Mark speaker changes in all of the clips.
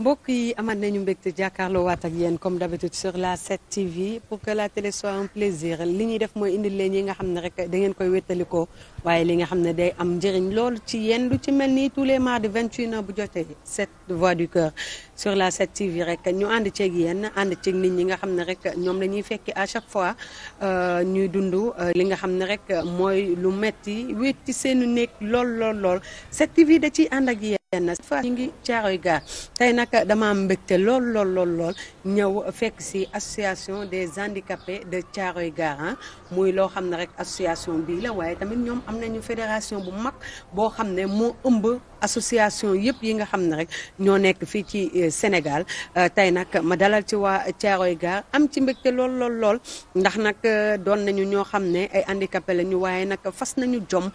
Speaker 1: mbokk yi amaat nañu mbégte jàkkaarloo waat ak yéen comme d'habitude sur la 7 TV pour que la télé soit un plaisir li ñuy def mooy indil leen yi nga xam ne rek da ngeen koy ko waaye li nga xam ne day am njëriñ lool ci yéen lu ci mel ni tous les mardis 21h bu jotee 7 voix du cœur sur la 7 TV rek ñu ànd ceeg yéen ànd ceeg nit ñi nga xam ne rek ñoom la ñuy fekki à chaque fois euh, ñuy dund euh, li nga xam ne rek mooy lu metti wéet seenu néeg lool lool lool te fa ñu ngi caaroy gaar tey nag dama am mbégte lool lool lool ñëw fekk ci association des handicapés de caaroy gaar ah. muy loo xam ne rek association bii la waaye tamit ñoom am nañu fédération bu mag boo xam ne moo ëmb association yëpp yi nga xam ne rek ñoo nekk fii ci euh, Sénégal euh, tey nag ma dalal ci waa Thiaroye gar am ci mbégte lool lool lool ndax nag euh, doon nañu ñoo xam ne ay handicapé la ñu waaye nag fas nañu jom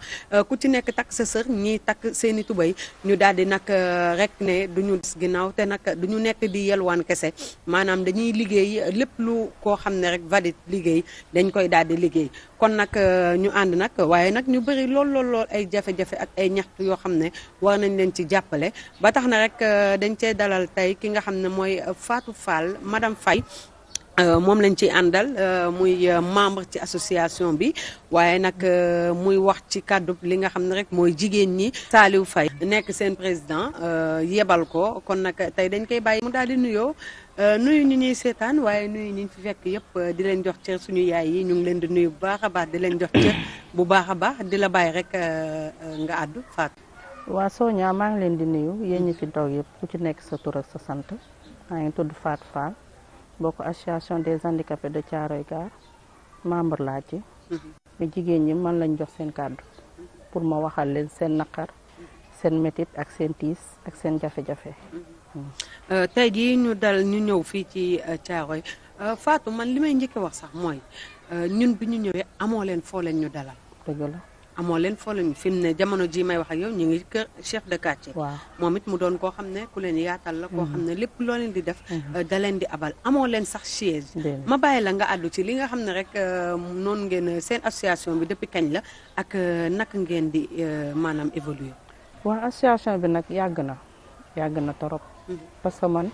Speaker 1: ku ci nekk takk sa sër ñii takk seeni tubay ñu daal di nag rek ne du ñu des ginnaaw te nag du ñu nekk di yelwaan kese maanaam dañuy liggéey lépp lu koo xam ne rek valide liggéey dañ koy daal di liggéey kon nag ñu ànd nag waaye nag ñu bëri lool lool ay jafe-jafe ak ay ñaxtu yoo xam ne war nañ leen ci jàppale ba tax na rek euh, dañ cee dalal tey ki nga xam ne mooy euh, Fatou Fall madame Faye euh, moom lañ ci àndal muy membre ci association bi waaye nag muy wax ci kàddu li nga xam ne rek mooy jigéen ñi Saliou Faye nekk seen président yebal ko kon nag tey dañ koy bàyyi mu daal di nuyoo nuyu ñu ñuy seetaan waaye nuyu ñu fi fekk yëpp di leen jox cër suñu yaay yi ñu ngi leen di nuyu bu baax a baax di leen jox cër bu baax a baax di la bàyyi rek nga àddu Fatou
Speaker 2: waa Sonia maa ngi leen di nuyu yéen ñu fi toog yëpp ku ci nekk sa tur ak sa sant maa ngi tudd Fat Fall bokk association des handicapés de Thiaroye Gare membre laa ci. mais mhm. jigéen ñi man lañ jox seen kàddu pour ma waxal leen seen naqar seen métit ak seen tiis ak seen jafe-jafe. Mhm.
Speaker 1: Euh, tey jii ñu dal ñu ñëw fii ci euh, Thiaroye euh, Fatou man li may njëkk wax sax mooy ñun bi ñu ñëwee amoo leen foo leen ñu dalal. dëgg la. amoo leen foole leen fi ne jamono ji may wax ak yow ñu ngi kër chef de quartier. waaw moom it mu doon koo xam ne ku leen yaatal la. koo xam mm-hmm. ne lépp loo leen di def. Mm-hmm. Euh, da leen di abal amoo leen sax chaise. ma bàyyi la nga àddu ci li nga xam ne rek euh, noon ngeen seen association bi depuis kañ la ak euh, naka ngeen di maanaam évoluer.
Speaker 2: waa association bi nag yàgg na yàgg na torop. Mm-hmm. parce que man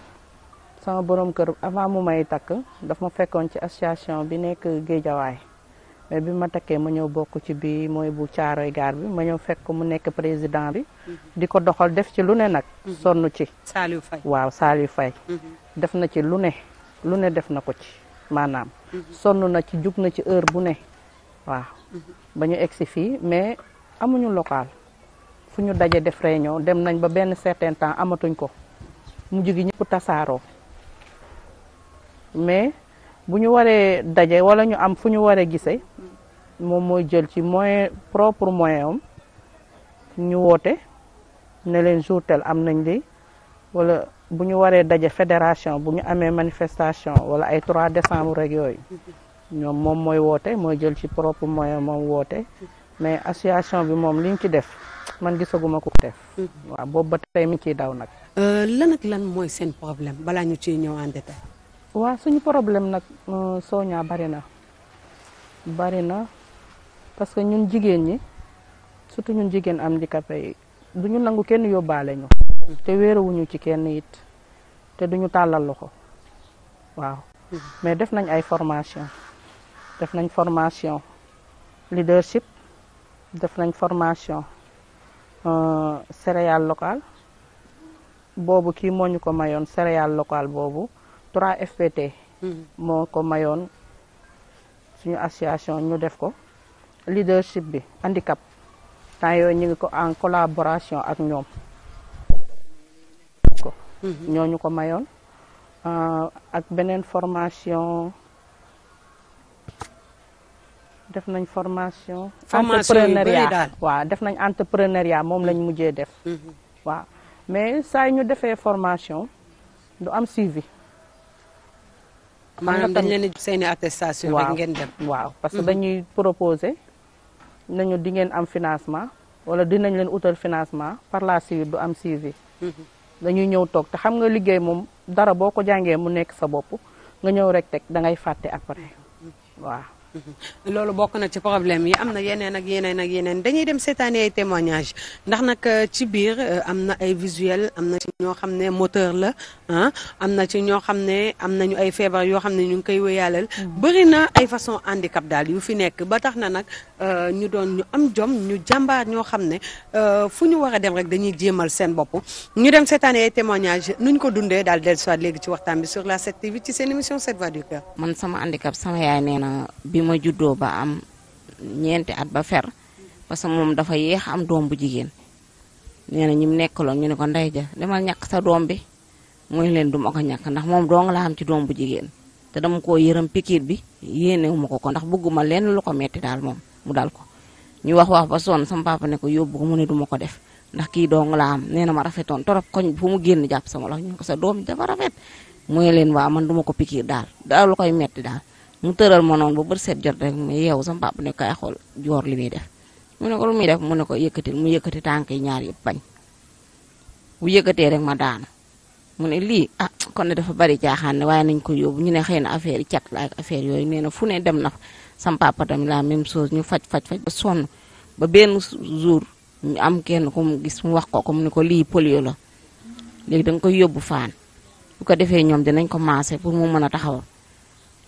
Speaker 2: sama borom kër avant mu may takk daf ma fekkoon ci association bi nekk Géejawaay. mais bi ma takkee ma ñëw bokk ci bi mooy bu caaroy gaar bi ma ñëw fekk mu nekk président bi mhm. di ko doxal def ci lu ne nag mhm. sonn ci Saliou Faye waaw Saliou fay mhm. def na ci lu ne lu ne def na ko ci maanaam sonn na ci jug na ci heure bu ne waaw ba ñu egsi fii mais amuñu local fu ñu daje def réunion dem nañ ba benn certain temps amatuñ ko mu gi ñëpp tasaaroo mais bu ñu waree daje wala ñu am fu ñu waree gisee moom mooy jël ci moyen propre moyen am ñu woote ne leen jour tel am nañ lii wala bu ñu waree daje fédération bu ñu amee manifestation wala ay 3 décembre rek yooyu ñoom moom mooy woote mooy jël ci propre moyen moom woote mais association bi moom liñ ci def man gisaguma ko def. Mm-hmm. waaw boobu ba tey mi
Speaker 1: daw nag. Euh, lan ak lan mooy seen problème balaa ñu ciy ñëw en
Speaker 2: waaw suñu problème nag euh, Sonia bari na bari na parce que ñun jigéen ñi surtout ñun jigéen am handicapé du ñu nangu kenn yóbbaale ñu te wéeruwuñu ci kenn it te du ñu tàllal loxo waaw mais def nañ ay formation def nañ formation leadership def nañ formation euh, céréale local boobu kii mooñu ko mayoon céréale locale boobu 3FPT. Hmm. moo ko mayoon suñu association ñu def ko leadership bi handicap temps yooyu ñu ngi ko en collaboration ak ñoom. ko hmm. ñooñu ko mayoon euh, ak beneen formation def nañ formation. entrepreneuriat waaw def nañ entrepreneuriat moom lañ mujjee def. Hmm. waaw mais saa ñu defee formation du am suivi.
Speaker 1: maanaam dañ leen seeni attestation rek ngeen dem waaw parce que mhm. dañuy
Speaker 2: proposer nañu di ngeen am financement wala dinañ leen utal financement par la suite du am suivi mhm. dañuy ñëw toog te xam nga liggéey moom dara boo ko jàngee mu nekk sa bopp nga ñëw rek teg da ngay fàtte après
Speaker 1: mhm. waaw loolu bokk na ci problème yi am na yeneen ak yeneen nag yeneen dañuy dem seetaani ay témoignage ndax nag euh, ci biir euh, am na ay visuel am na ci ñoo xam ne moteur la ah am na ci ñoo xam ne am nañu ay feebar yoo xam ne ñu ngi koy wéyaalal mm. bëri na ay façon handicap daal yu fi nekk ba tax na nag euh, ñu doon ñu am jom ñu jàmbaar ñoo xam ne fu ñu war a dem rek dañuy jéemal seen bopp ñu dem seetaani ay témoignage nuñ ko dundee daal dellusiwaat léegi ci waxtaan bi sur la 7TV ci seen émission 7 voix du cœur
Speaker 3: nee na bi ma juddoo ba am ñeenti at ba fer parce que moom dafa yéex am doom bu jigéen nee na ñi mu nekkaloon ñu ne ko ndey ja demal ñàkk sa doom bi mu leen du ma ko ñàkk ndax moom dong la ci doom bu jigéen te dama ko yërëm pikiir bi yéenewu ma ko ko ndax bëgguma lenn lu ko metti daal moom mu dal ko ñu wax wax ba sonn sama papa ne ko yóbbu mu ne du ko def ndax kii dong la am na ma rafetoon torop koñ mu génn jàpp sama loxo ñu doom dafa mu ne leen waa man du ko pikiir daal daal lu koy metti daal ñu tëral ma noonu ba bët set jot rek mu yeewu sama papa ne kay xool joor li muy def mu ne ko lu def mu ne ko yëkkatil mu yëkkati tànk yi ñaar yëpp bañ bu yëkkatee rek ma daanu mu ne lii ah kon ne dafa bari caaxaan ne waaye nañ ko yóbbu ñu ne xëy affaire yi cat la ak affaire yooyu na fu ne dem na fa sama même chose ñu faj faj faj ba sonn ba benn jour ñu am kenn ku mu gis mu wax ko ko mu ne ko lii polio la léegi da koy yóbbu faan bu ko defee ñoom dinañ ko maase pour mu mën a taxawal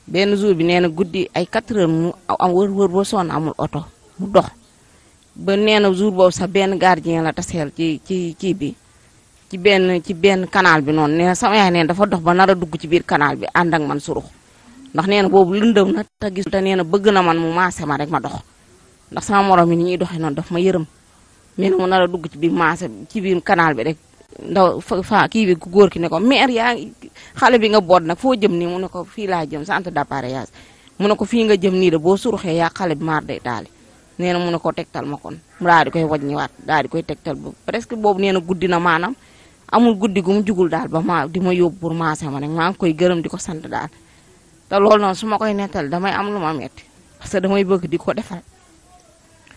Speaker 3: benn jour bi nee na guddi ay 4 heures mu am wër wër ba sonn amul oto mu dox ba nee na jour boobu sa benn gardien la taseel ci ci ci bi ci benn ci benn canal bi noon nee na sama yaay nee dafa dox ba nar a dugg ci biir canal bi ànd ak man surux ndax nee na boobu lëndëm na te gis te nee na bëgg na man mu maase ma rek ma dox ndax sama moroom yi ni ñuy doxee noonu daf ma yërëm nee na mu nar a dugg ci biir maase ci biir canal bi rek ndaw fa kii bi góor ki ne ko mère yaa ngi xale bi nga boot nag foo jëm nii mu ne ko fii laa jëm centre d'appareillage mu ne ko fii nga jëm nii de boo surxee yaa xale bi maar day taali nee na mu ne ko tegtal ma kon mu daal di koy waat daal di koy tegtal ba presque boobu nee na guddi na maanaam amul guddi gu mu jugul daal ba ma di ma yóbbu pour maase ma nag maa ngi koy gërëm di ko sant daal te loolu noonu su ma koy nettal damay am lu ma metti parce que damay bëgg di ko defal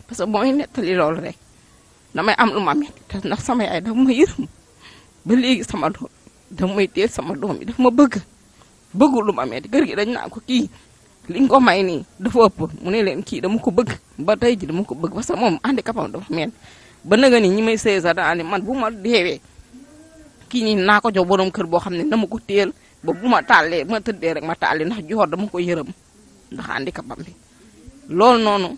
Speaker 3: parce que boo may nettali loolu rek ba léegi sama doom damay teel sama doom yi dafa ma bëgg bëggul lu ma metti kër gi dañ naa ko kii li nga ko may nii dafa ëpp mu ne leen kii dama ko bëgg ba tey ji dama ko bëgg parce que moom handicapam dafa metti ba naga ni ñi may sëy sax daal man bu ma deewee kii nii naa ko jox borom kër boo xam ne dama ko teel ba bu ma tàllee ma tëddee rek ma tàllee ndax joor dama ko yërëm ndax handicapam bi loolu noonu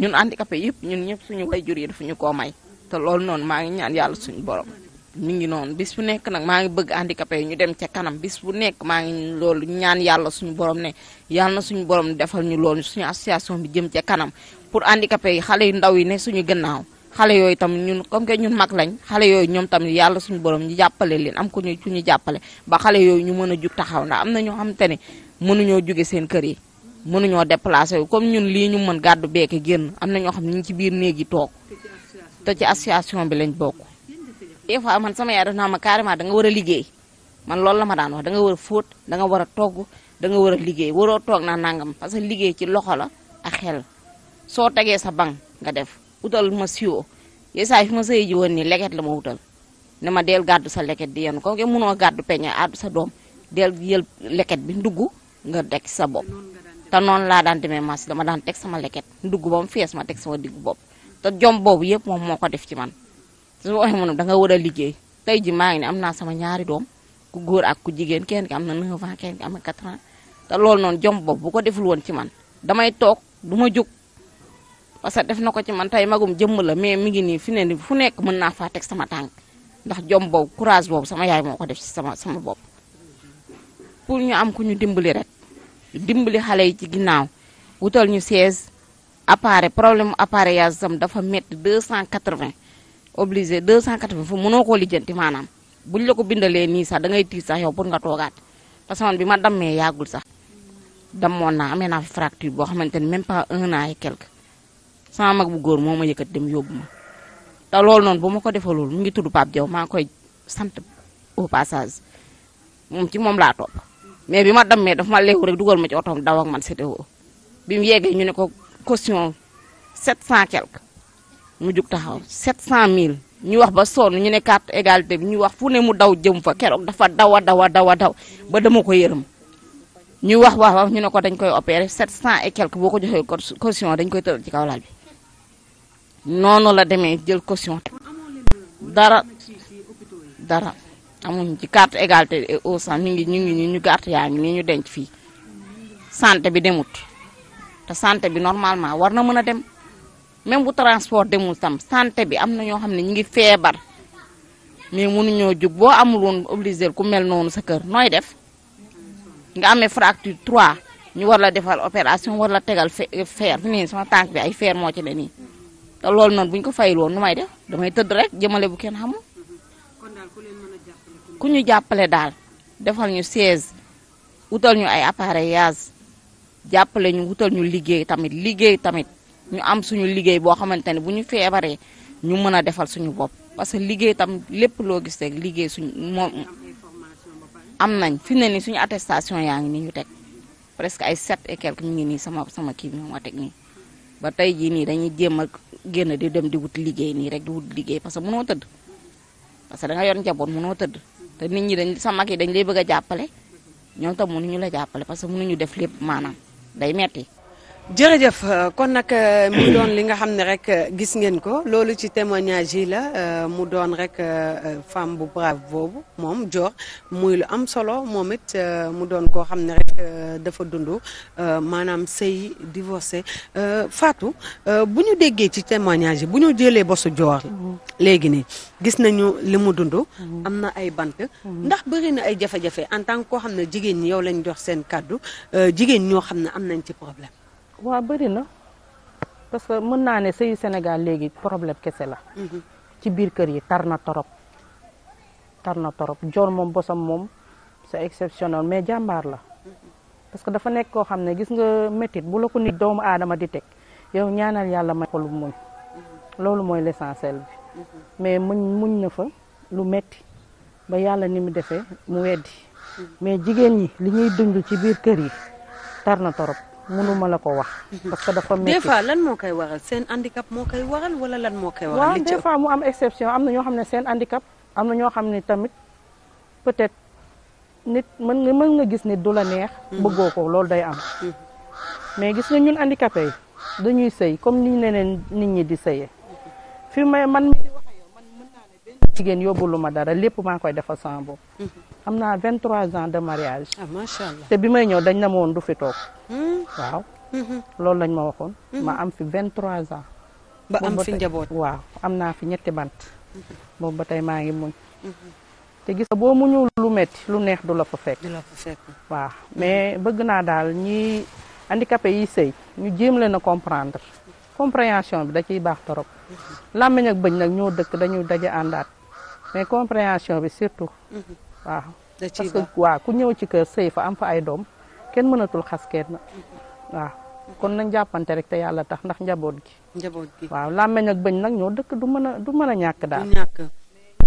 Speaker 3: ñun handicapé yëpp ñun ñëpp suñu way jur yi dafa ñu koo may te loolu noonu maa ngi ñaan yàlla suñu borom mi ngi noonu bis bu nekk nag maa ngi bëgg handicapé yi ñu dem ca kanam bis bu nekk maa ngi loolu ñaan yàlla suñu borom ne yàlla na suñu borom defal ñu loolu suñu association bi jëm ca kanam pour handicapé yi xale yu ndaw yi ne suñu gannaaw xale yooyu tam ñun comme ñun mag lañ xale yooyu ñoom tamit yàlla suñu borom ñu jàppale leen am ko ñu ku ñu jàppale ba xale yooyu ñu mën a jug taxaw ndax am na ñoo xam te ne mënuñoo jóge seen kër yi mënuñoo déplacé wu comme ñun lii ñu mën gàddu beeke génn am na ñoo xam ne ñu ngi ci biir néeg yi toog te ci association bi lañ bokk des fois man sama yaay def naa ma carrément da nga war a liggéey man loolu la ma daan wax da nga war a fóot da war a togg da war a liggéey waroo toog naa nangam parce que liggéey ci loxo la ak xel soo tegee sa bank nga def utal ma siwo yesaay fi ma sëy ji woon nii leket la ma wutal ne ma del gàddu sa leket di yenu ko ke munoo gàddu peñe addu sa doom del yël leket bi ndugg nga teg sa bopp te noonu laa daan demee marché dama daan teg sama leket ndugg ba mu fees ma teg sama te jom yëpp moom moo ko def ci man soo waxee ma ne da nga war a liggéey tey ji maa ngi ne am naa sama ñaari doom ku góor ak ku jigéen kenn ki am na 9 ans kenn ki am na 4 ans te loolu noon jom bopp bu ko deful woon ci man damay toog du ma jóg parce que def na ko ci man tey magum jëmmala mais mi ngi nii fi ne fu nekk mën naa faa teg sama tànk ndax jom boobu courage boobu sama yaay moo ko def ci sama sama bopp pour ñu am ku ñu dimbali rek dimbali xale yi ci ginnaaw wutal ñu siège appareil problème mu appareillage sam dafa métti 280 cent obligé 280 fu mënoo ko lijjanti maanaam buñ la ko bindalee nii sax da ngay tiit sax yow pour nga toogaat parce que man bi ma dammee yàggul sax dammoon naa amee naa fi fracture boo xamante ne même pas un an et quelque sama mag bu góor moo ma yëkkat dem yóbbu ma te loolu noon bu ma ko defalool mu ngi tudd Pape Diaw maa koy sant au passage moom ci moom laa topp mais bi ma dammee daf ma leewu rek dugal ma ci otoom daw ak man CTO bi mu yeggee ñu ne ko caution 700 quelque. mu jug taxaw 700000 ñu wax ba sonn ñu ne carte égalité bi ñu wax fu ne mu daw jëm fa keroog dafa daw a daw a daw a daw ba dama ko yërëm ñu wax wax wax ñu ne ko dañ koy opéré 700 et quelque boo ko joxee caution dañ koy tëral ci kaw laal bi noonu la demee jël caution dara dara amuñ ci carte égalité et au ñu ngi ñu ngi yaa ngi nii ñu denc fii santé bi demut te santé bi normalement war na mën a dem même bu transport demul tam santé bi am na ñoo xam ne ñu ngi feebar mais mun mënuñoo jug boo amul woon obligé ku mel noonu sa kër nooy def nga amee fracture 3 ñu war la defal opération war la tegal feer fi nii sama tànk bi ay feer moo ci ne nii te loolu noonu buñ ko fayil woon nu may def damay tëdd rek jëmale bu kenn xamul ku ñu jàppale daal defal ñu siège wutal ñu ay appareillage jàppale ñu wutal ñu liggéey tamit liggéey tamit ñu am suñu liggéey boo xamante ne bu ñu feebaree ñu mën a defal suñu bopp parce que liggéey tam lépp loo gis rek liggéey suñu moom am nañ fi ne nii suñu attestation yaa ngi nii ñu teg presque ay sept et quelque ngi nii sama sama kii bi ma teg nii ba tey jii nii dañuy jéem a génn di dem di wut liggéey nii rek di wut liggéey parce que mënoo tëdd parce que da nga yor njaboot mënoo tëdd te nit ñi dañ sa mag yi dañ lay bëgg a jàppale ñoom tam ñu la jàppale parce que ñu def lépp maanaam day metti jërëjëf euh, kon nag euh, mu li nga xam ne rek
Speaker 1: euh, gis ngeen ko loolu ci témoignage yi la mu doon rek femme bu brave boobu moom Dior muy lu am solo moom it mu doon koo xam ne rek dafa dund maanaam sëy divorcé Fatou bu ñu déggee ci témoignage bu ñu jëlee bosu Dior léegi nii gis nañu li mu dund am na ay bant ndax bëri na ay jafe-jafe en tant koo xam ne jigéen ñi yow lañu jox seen kàddu jigéen ñoo xam ne am nañ ci problème
Speaker 2: waa bëri na parce que mën naa ne sëyu Sénégal léegi problème kese la. Mhm. ci biir kër yi tar na torop tar na torop joor moom bosam moom sa exceptionnel mais jàmbaar la. parce que dafa nekk koo xam ne gis nga métit bu la ko nit doomu aadama di teg yow ñaanal yàlla may xolu muñ mhm. loolu mooy l'essentiel bi mhm. mais muñ muñ na fa lu metti ba yàlla ni mu defee mu weddi mais jigéen ñi li ñuy dund ci biir kër yi tar na torop mënuma la ko wax. parce que dafa métti fois lan
Speaker 1: moo koy waral seen handicap moo koy waral wala lan moo koy mu
Speaker 2: am exception am na ñoo xam ne seen handicap am na ñoo xam ne tamit peut-être nit mën nga mën nga gis nit du la neex. Hmm. bëggoo ko loolu day am. Hmm. mais gis nga ñun handicapé dañuy sëy comme ni ne leneen nit ñi di sëyee. fi may man mii di wax lu ma dara lépp maa koy defal sama bopp. Hmm. am naa 23 ans de
Speaker 1: mariage. ah macha allah te
Speaker 2: bi may ñëw dañ na ma woon du fi toog. Hmm? waaw. loolu lañ ma waxoon. ma am fi 23 ans. ba am fi njaboot waaw am naa fi ñetti bant. boobu ba tey maa ngi muñ. te gis boo muñul lu metti lu neex du la fa fekk. du la fa fekk waaw mais bëgg naa daal ñi handicapé yi sëy ñu jéem na a comprendre compréhension bi da ciy baax torop. làmmiñ ak bëñ nag ñoo dëkk dañuy daje àndaat mais compréhension bi surtout. waaw parce que waaw ku ñëw ci kër sëy fa am fa ay doom kenn mënatul xas na waaw kon nañ jàppante rek te yàlla tax ndax njaboot gi njaboot gi waaw làmmeñ ak bëñ nag ñoo dëkk du mën a du mën a ñàkk daal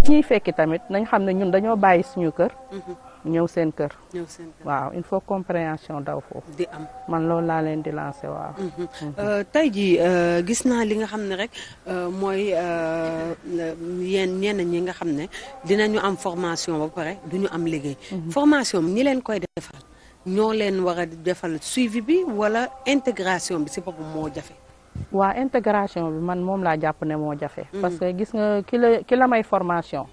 Speaker 2: ñuy fekki tamit nañ xam ne ñun dañoo bàyyi suñu kër mm-hmm. ñëw seen kër. ñëw seen waaw il faut compréhension daw foofu. di am man loolu laa leen di lancé waaw. Mhm. Mhm.
Speaker 1: Euh, tey jii euh, gis naa li nga xam ne rek euh, mooy yeen ñenn ñi nga xam ne dinañu am formation ba pare du ñu am liggéey. Mhm. formation ñi leen koy defal ñoo leen war a defal suivi bi wala intégration bi si boppam moo jafe.
Speaker 2: waa intégration bi man moom laa jàpp ne moo jafe. parce que gis nga kila la ki la may formation.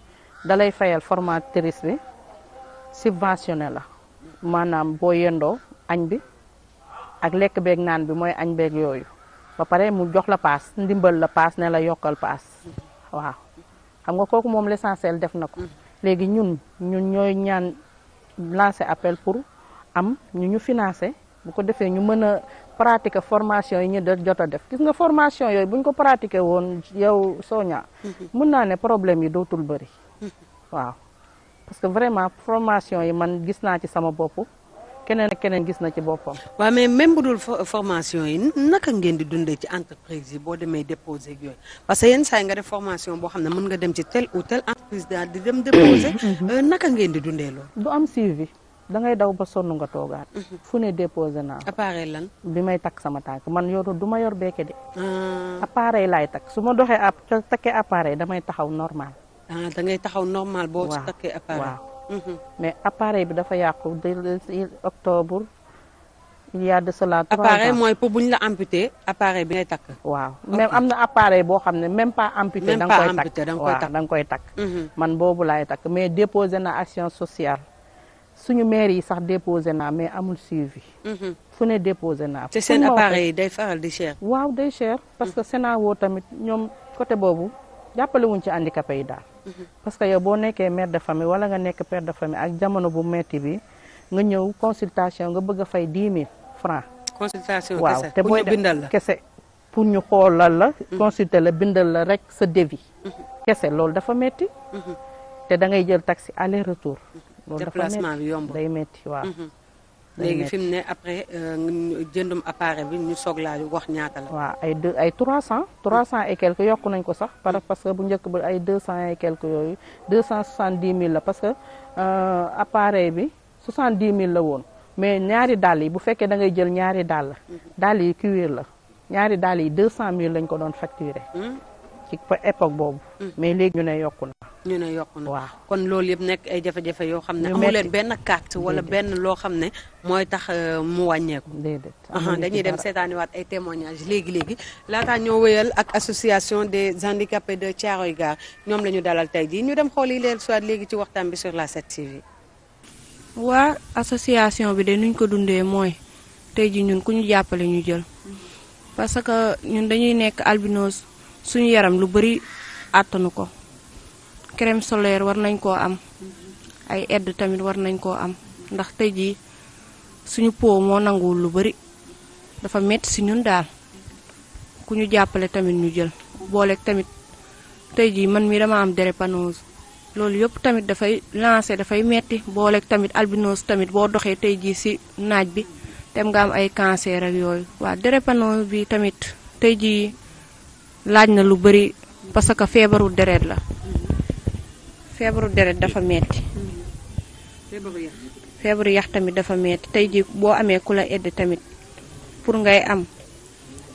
Speaker 2: dalay fayal formatrice bi. subventionné la maanaam boo yendoo añ bi ak lekk beeg naan bi mooy añ beeg yooyu ba pare mu jox la paas ndimbal la paas ne la yokkal paas waaw xam nga kooku moom l'essentiel def na ko léegi ñun ñun ñooy ñaan lancer appel pour am ñu ñu financer bu ko defee ñu mën a pratique formation yi ñu da jot a def gis nga formation yooyu buñ ko pratiquer woon yow Sonia mm-hmm. mun naa ne problème yi dootul bëri mm-hmm. waaw parce que vraiment formation yi man gis naa ci sama bopp keneen keneen gis na ci boppam.
Speaker 1: waaw mais même bu dul formation yi naka ngeen di dundee ci entreprise yi boo demee déposer ak parce que yenn saa nga def formation boo xam ne mën nga dem ci tel ou tel entreprise daal di dem déposer. Mhm. Euh, naka ngeen di dundee loolu. du am suivi. da ngay daw ba sonn nga toogaat. Mhm. fu ne déposé naa. appareil lan.
Speaker 2: bi may takk sama tànk man yoru du ma yor beeke de.
Speaker 1: Ah.
Speaker 2: appareil laay takk su ma doxee ab takkee appareil damay taxaw normal.
Speaker 1: ah da ngay taxaw normal boo ci takkee appareil waaw mhm.
Speaker 2: mais bi dafa yàqu de octobre. il y a de cela trois mooy
Speaker 1: pour bu la amputé appareil bi ngay takk. waaw
Speaker 2: même am na appareil boo xam ne même pa amputé. da nga koy takk koy mhm. takk man boobu laay takk mais déposé na action sociale suñu maire yi sax déposé naa mais amul suivi. Mhm. fu ne déposé naa. te seen appareil day cher. waaw day cher parce que Sénat woo tamit ñoom côté boobu. jàppale wuñ ci handicapé yi daal. Mm-hmm. parce que yow boo nekkee maire de famille wala nga nekk père de famille ak jamono bu metti bi nga ñëw consultation nga bëgg a fay dix mille francs.
Speaker 1: consultation waaw te booy bindal kese.
Speaker 2: pour ñu xoolal la. Mm-hmm. consulter la bindal la rek sa devis. Mm-hmm. kese loolu dafa metti te da ngay jël taxi aller retour. loolu dafa metti
Speaker 1: day metti waaw. léegi fi mu ne après euh, jëndum appareil bi ñu soog laa wax ñaata la. waa
Speaker 2: ay deux ay trois cent. trois cent et quelques yokk nañ ko sax mm. parce que bu njëkk ba ay deux cent et quelques yooyu deux cent soixante dix mille la parce que euh, appareil bi soixante dix mille la woon mais ñaari dàll yi bu fekkee da ngay jël ñaari dàll. Mm-hmm. dàll yi cuir la ñaari dàll yi deux cent mille lañ ko doon facturé. Mm. ci époque boobu. Mm. mais léegi ñu ne yokku na.
Speaker 1: ñu ne yokku na kon loolu yëpp nekk ay jafe-jafe yoo xam ne. amu leen benn carte wala benn loo xam ne mooy tax euh, mu wàññeeku. déedéet dañuy dem seetaaniwaat ay témoignages léegi léegi laataa ñoo wéyal ak association des handicapés de Thiaroye Gare ñoom la ñu dalal tey jii ñu dem xool yi leen soit léegi ci waxtaan bi sur la 7TV.
Speaker 4: waa association bi de nuñ ko dundee mooy tey ji ñun ku ñu jàppale ñu jël mm. parce que ñun dañuy nekk albinos. suñu yaram lu bari àttanu ko crème solaire war nañ koo am ay edd tamit war nañ koo am ndax tey jii suñu po moo nanguwul lu bari dafa metti si ñun daal ku ñu jàppale tamit ñu jël booleek tamit tey jii man mii dama am drépanose loolu yëpp tamit dafay lancé dafay metti booleek tamit albinos tamit boo doxee tey jii si naaj bi dem nga am ay cancer ak yooyu waa drépanose bi tamit tey jii laaj na lu bëri parce que feebaru deret la feebaru deret dafa metti feebaru yax tamit dafa metti tey jii boo amee ku la aide tamit pour ngay am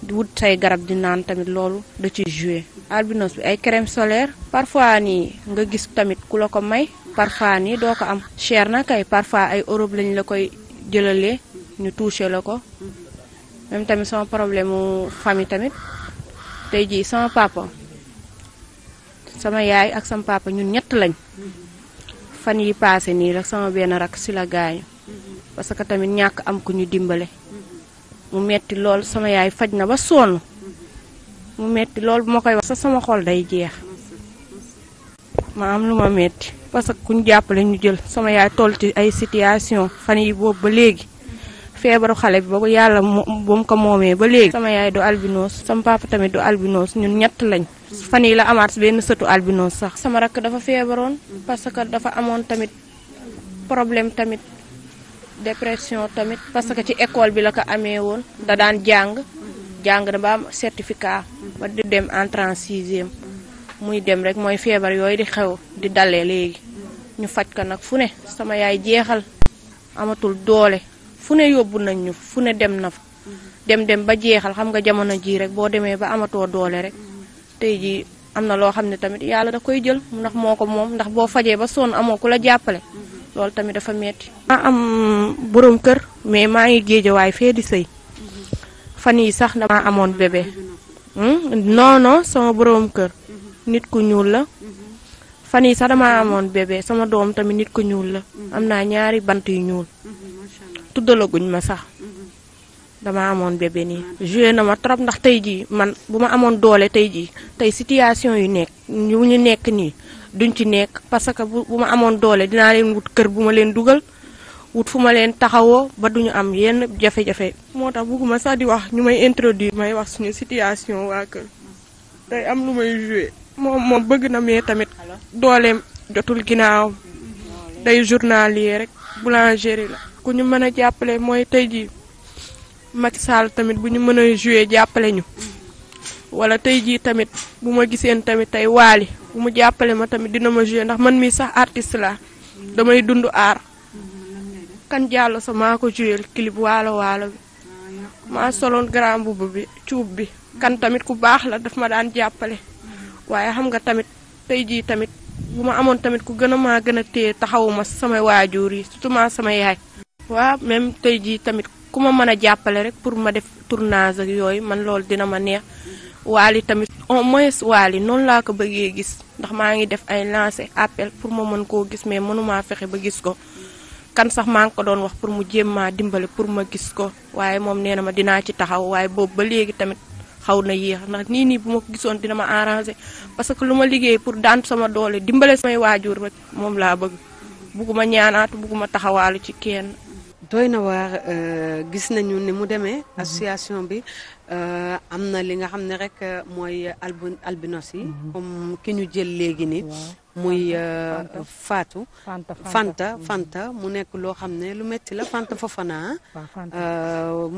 Speaker 4: wut say garab di naan tamit loolu da ci joué albinos bi ay crème solaire parfois nii nga gis tamit ku la ko may parfois nii doo ko am cher na kay parfois ay Europe lañu la koy jëlale ñu touché la ko même tamit sama problème mu tamit tey jii sama papa sama yaay ak sama papa ñun ñett lañ fan yi paase nii rek sama benn rak si la gaañu parce que tamit ñàkk am ku ñu dimbale mu metti lool sama yaay faj na ba sonn mu metti lool bu ma koy wax sa sama xol day jeex ma am lu ma metti parce que ku ñu jàppale ñu jël sama yaay toll ci ay situation fan yi boobu ba léegi feebaru xale bi ba ko yàlla ba mu ko moomee ba léegi sama yaay du albinos sama papa tamit du albinos ñun ñett lañ fan yi la amaat benn satu albinos sax sama rakk dafa feebaroon parce que dafa amoon tamit problème tamit dépression tamit parce que ci école bi la ko amee woon da daan jàng jàng na ba am certificat ba di dem entrée en sixième muy dem rek mooy feebar yooyu di xew di dalee léegi ñu faj ko nag fu ne sama yaay jeexal amatul doole fu ne yóbbu nañ ñu fu ne dem na fa dem dem ba jeexal xam nga jamono jii rek boo demee ba amatoo doole rek tey jii am na loo xam ne tamit yàlla da koy jël ndax moo ko moom ndax boo fajee ba sonn amoo ku la jàppale loolu tamit dafa metti maa am kër mais maa ngi géejawaay fee di sëy fan yi sax na amoon bebe hmm? non sama borom kër nit ku ñuul la fan yi sax damaa amoon bebe sama doom tamit nit ku ñuul la am naa ñaari bant yu ñuul tuddalaguñ ma sax dama amoon bébé nii na ma trop ndax tey jii man bu ma amoon doole tey jii tey situation yu nekk ñu ñu nekk nii duñ ci nekk parce que bu bu ma amoon doole dinaa leen wut kër bu ma leen dugal wut fu ma leen taxawoo ba duñu am yenn jafe-jafe. moo tax bëgguma sax di wax ñu may introduire may wax suñu situation waa kër tey am lu may joué moom moom bëgg na mais tamit dooleem jotul ginnaaw mm-hmm. day journalier rek boulangerie la. ku ñu mën a jàppale mooy tey jii Macky tamit bu ñu mën a joué jàppale ñu wala tey jii tamit bu ma giseen tamit tey waali bu mu jàppale ma tamit dina ma joué ndax man mii sax artiste damay dund aar jàllo sa maa ko joué waalo waalo bi soloon grand mbubb bi cuub bi kan tamit ku baax la daf ma daan jàppale waaye xam nga tamit tey jii tamit bu ma amoon tamit ku gën a maa gën a téye taxawuma sama waajur yi surtout maa sama yaay waaw même tey jii tamit ku ma mën a jàppale rek pour ma def tournage ak yooyu man loolu dina ma neex waali tamit au moins waali noonu laa ko bëggee gis ndax maa ngi def ay lancé appel pour ma mën koo gis mais mënumaa fexe ba gis ko kan sax maa ngi ko doon wax pour mu jéem maa dimbale pour ma gis ko waaye moom nee na ma dinaa ci taxaw waaye boobu ba léegi tamit xaw na yéex ndax nii nii bu ma ko gisoon dina ma arrangé parce que lu ma liggéey pour daan sama doole dimbale samay waajur rek moom bëgg bugguma ñaanaatu bugguma taxawaalu ci kenn doy na waar euh, gis nañu
Speaker 1: ni mu demee. Mhm. association bi euh, am na li nga xam ne rek euh, mooy albu albinos yi. Mhm. comme ki ñu jël léegi nii. muy Fatou. Fanta mhm. Fanta mu nekk loo xam ne lu metti la Fanta Fofana.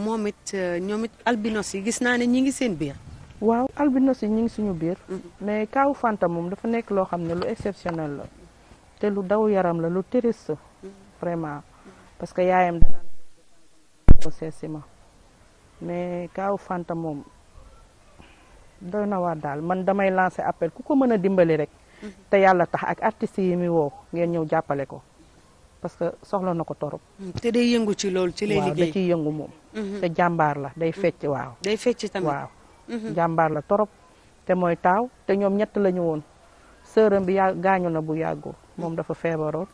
Speaker 1: moom it ñoom it albinos yi gis naa ne ñi ngi seen biir.
Speaker 2: waaw albinos yi ñu ngi suñu biir. mais kaaw Fanta moom dafa nekk loo xam ne lu exceptionnel la. te lu daw yaram la lu triste vraiment. parce que yaayam danaan ko seesi ma mais kaaw Fanta moom doy na waar daal man damay lancé appel ku ko mën a dimbali rek mhm. te yàlla tax ak artistes yi mi woo ngeen ñëw jàppale ko parce que soxla na ko torop
Speaker 1: mhm. te day yëngu ci loolu ci lay liggéey da ciy
Speaker 2: yëngu moom mhm. te jàmbaar la day fecc waaw day fecc tamit waaw jàmbaar la torop te mooy taaw te ñoom ñett la ñu woon sërëm bi yaa gaañu na bu yàggul moom dafa feebaroon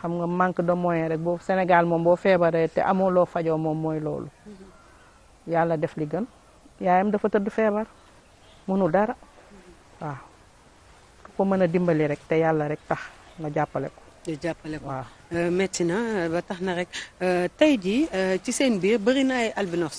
Speaker 2: xam nga manque de moyen rek boo Sénégal moom boo feebaree te amoo loo fajoo moom mooy loolu yàlla def li gën yaayam dafa tëdd feebar mënul dara waaw ko mën a dimbali rek te yàlla rek tax nga jàppale ko
Speaker 1: jàppale ko waaw euh, métti na ba tax na rek euh, tey jii euh, ci seen biir bëri na ay albinos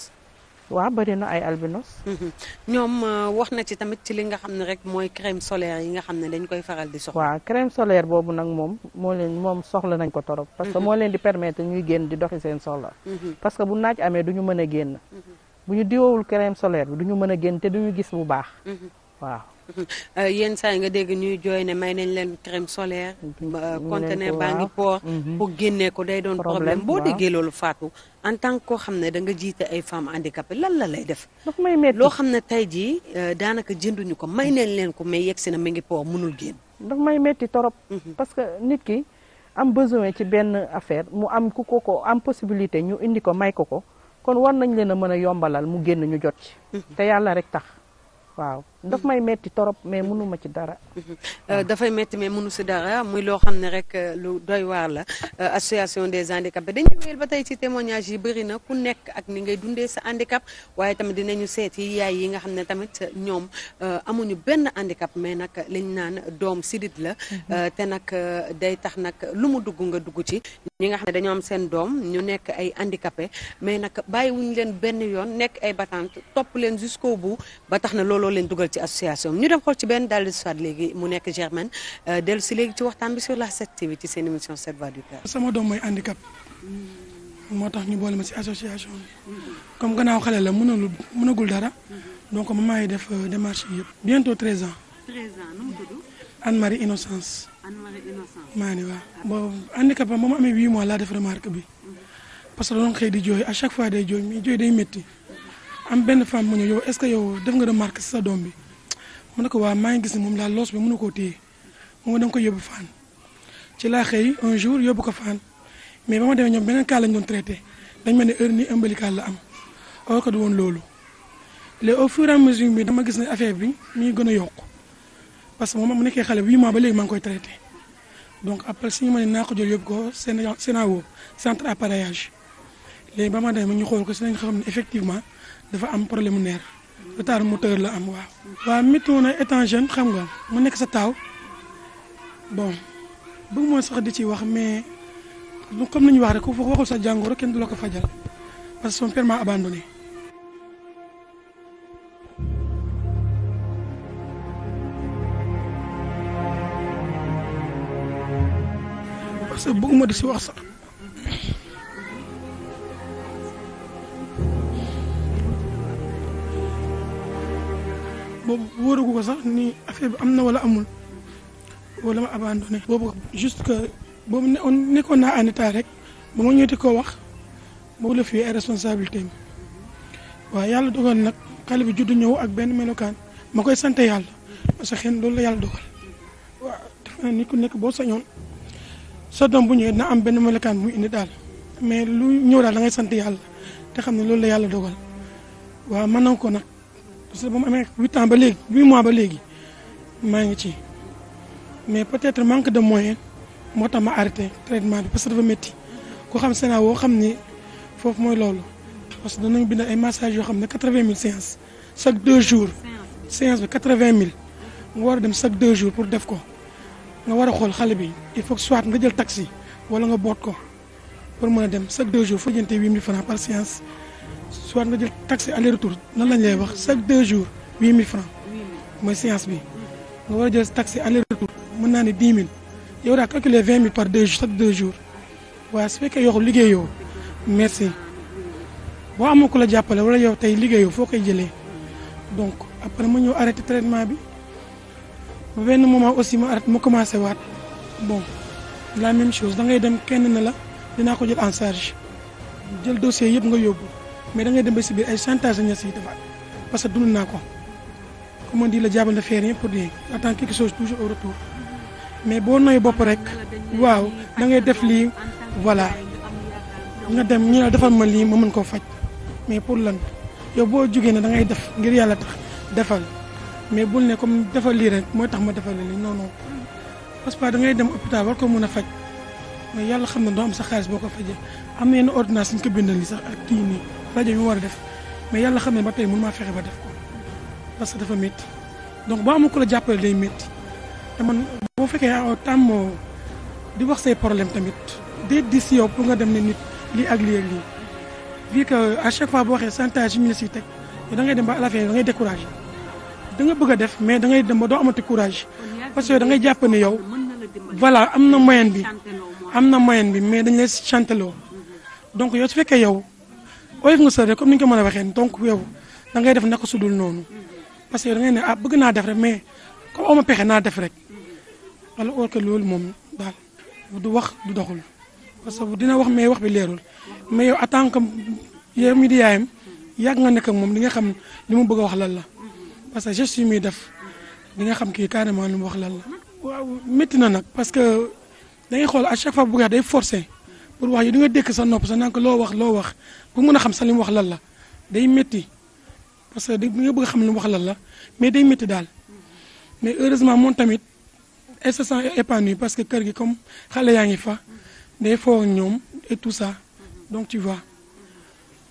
Speaker 1: waaw bëri na ay albinos. Mhm. ñoom euh, wax na ci tamit ci li nga xam ne rek mooy crème solaire yi nga xam ne dañ koy faral di soxla.
Speaker 2: waaw crème solaire boobu nag moom moo leen moom soxla nañ ko torop. parce que mhm. moo leen di permettre ñuy génn di doxi seen soxla. Mhm. parce que bu naaj amee du ñu mën a génn. bu ñu diwowul crème solaire bi du ñu mën a génn te du ñu gis bu baax.
Speaker 1: waa Euh, yenn saa yi nga dégg ñuy jooy ne may nañ leen crème solaire. Mm-hmm. conteneur baa ngi port. pour mm-hmm. génnee ko day doon problème boo déggee loolu faatu en tant que koo xam ne da nga jiite ay femmes handicapées lan la lay def. may loo xam ne tey jii euh, daanaka jënduñu ko may nañ leen ko may yegg si na mi ngi port mënul génn.
Speaker 2: daf may metti torop. Mm-hmm. parce que nit ki am besoin ci benn affaire mu am ku ko ko am possibilité ñu indi ko may ko ko kon war nañ leen a mën a yombalal mu génn ñu jot rek tax. waaw mm-hmm. dafa may metti torop mais mënu ma ci dara. Mm-hmm.
Speaker 1: Euh, dafay metti mais mënu si dara muy loo xam ne rek euh, lu doy waar la euh, association des handicapés dañuy wéyal ba tey ci témoignage yi bëri na ku nekk ak ni ngay dundee sa handicap waaye tamit dinañu seeti yaay yi nga xam ne tamit ñoom amuñu benn handicap mais nag liñ naan doom sidit la. Mm-hmm. te nag day tax nag lu mu dugg nga dugg ci. ñi nga xam ne dañoo am seen doom ñu nekk ay handicapé mais bàyyi wuñ leen benn yoon nekk ay battante topp leen jusqu'au bu ba tax na looloo leen dugal ci association ñu dem xool ci benn daal di soit léegi mu nekk Germaine euh, dellu si léegi ci waxtaan bi sur la 7TV ci seen émission 7 voix du cœur.
Speaker 5: sama doom mooy handicap moo tax ñu boole ma si association comme gannaaw xale la mënul mënagul dara donc maman yi def euh, démarche bi yëpp bientôt 13 ans.
Speaker 1: 13 ans nu mu tudd.
Speaker 5: Anne Marie Innocence. maa ni waaw boobu handicap ba mu amee huit mois laa def remarque bi parce que doon xëy di jooy à chaque fois day jooy mais jooy day métti am benn femme mu ñëw yow est ce yow def nga remarque si sa doom bi mu ne ko waa maa ngi gis ni moom laa loos bi mënu koo téye moom da nga ko yóbbu faan ci laa xëy un jour yóbbu ko faan mais ba ma demee ñoom beneen cas lañ doon traité dañ ma ne heure ni ombilical la am or que du woon loolu léegi au fur et à bi dama gis ne affaire bi mi ngi gën a yokku parce que moom mu nekkee xale 8 mois ba léegi maa ngi koy traité donc après suñu ma ne naa ko jël yóbbu ko CENAO centre appareillage léegi ba ma demee ñu xool ko si nañ xam ne effectivement dafa am problème mu nerf retard moteur la am waaw. waaw métti na étant jeune xam nga mu nekk sa taaw bon bëgg mooy sax di ci wax mais comme ni ñu wax rek ku waxul sa jàngoro kenn du la ko fajal parce que son père m'a abandonné. parce que di si wax sax boobu wóoragu ko sax ni affaire bi am na wala amul wala ma abandonné boobu juste que boobu ne nekkoon naa en rek ba ma ñëwati koo wax boobu la fii ay responsabilité mi waaw yàlla dogal nag xale bi juddu ñëw ak benn melokaan ma koy sant yàlla parce que xëy loolu la yàlla dogal waaw dafa ne nit ku nekk boo sañoon sa doom bu ñëwee na am benn melokaan muy indi daal mais lu ñëw daal da ngay sant yàlla te xam ne loolu la yàlla dogal waaw mën na ko nag parce que ba mu amee huit ans ba léegi huit mois ba léegi maa ngi ci mais peut-être manque dem moyen moo tax ma arrêté traitement bi parce que ba métti ku xam Sénégal woo xam ni foofu mooy loolu parce que danañ bind ay massage yoo xam ne quatre-vingt mille séances chaque deux jours séance bi quatre-vingt mille nga war dem chaque deux jours pour def ko nga war a xool xale bi il faut soit nga jël taxi wala nga boot ko pour mën a dem chaque deux jours foo jëntee huit mille francs par séance soit nga jël taxi aller retour nan lañ lay wax chaque deux jours huit mille francs mooy séance bi nga war a jël taxi aller retour mën naa ne dix mille yow daa calculer vingt par deux jours chaque deux jours su fekkee yoo liggéeyoo merci boo amoo ko la jàppale wala yow tey liggéeyoo foo koy jëlee donc après ma ñëw arrêté traitement bi. ba benn moment aussi ma arrêté ma commencé waat bon la même chose da ngay dem kenn na la dinaa ko jël en charge jël dossier yëpp nga yóbbu mais da ngay dem ba si biir ay chantage la ñu siy defaat parce que dund naa ko comme on dit la diable ne fait rien pour rien attend quelque chose toujours au mais boo noyyi bopp rek waaw dangay def lii voilà nga dem ñu ne ma lii ma mën koo faj mais pour lan yow boo jógee ne da ngay def ngir yàlla tax defal. mais bul ne comme defal lii rek mooy tax ma defal lii non non parce que da ngay dem hôpital war ko mën a faj mais yàlla xam na doo am sa xaalis boo ko fajee am na yenn ordonnance si ko bindal li sax ak kii nii rajo yu war a mais yàlla xam ne ba tey mën maa fexe ba def ko parce que dafa métti donc boo amul ko la jàppale day métti te man boo fekkee tàmmoo di wax say problème tamit day dis yow nga dem ne nit lii ak lii ak lii vu que à chaque fois boo waxee chantage yi teg da ngay dem ba à la fin découragé. da nga bëgg a def mais da ngay dem ba doo amati courage parce que da ngay ne yow voilà am na moyen bi am na moyen bi mais dañ lay chanteloo donc yow su fekkee yow ooyof nga sa rek comme ni ñu ko mën a waxee donc yow da ngay def nakk sudul noonu parce que da ngay ne ah bëgg naa def rek mais comme ama pexe naa def rek wala or que loolu moom daal du wax du doxul parce dina wax mais wax bi leerul mais yow tant que yow mi di yaayam yàgg nga nekk moom li nga xam li mu bëgg wax lan la. parce que geste muy def di nga xam kii carrément lu mu wax lan la. waaw métti na nag parce que da ngay xool à chaque fois bu nga day forcé pour wax yi di nga dékk sa nopp sa nank loo wax loo wax bu mën a xam sa li wax lan la day métti parce que di nga bëgg xam li wax lan la mais day métti daal mais heureusement moom tamit elle se sent parce que kër gi comme xale yaa ngi fa day foo ñoom et tout ça donc tu vois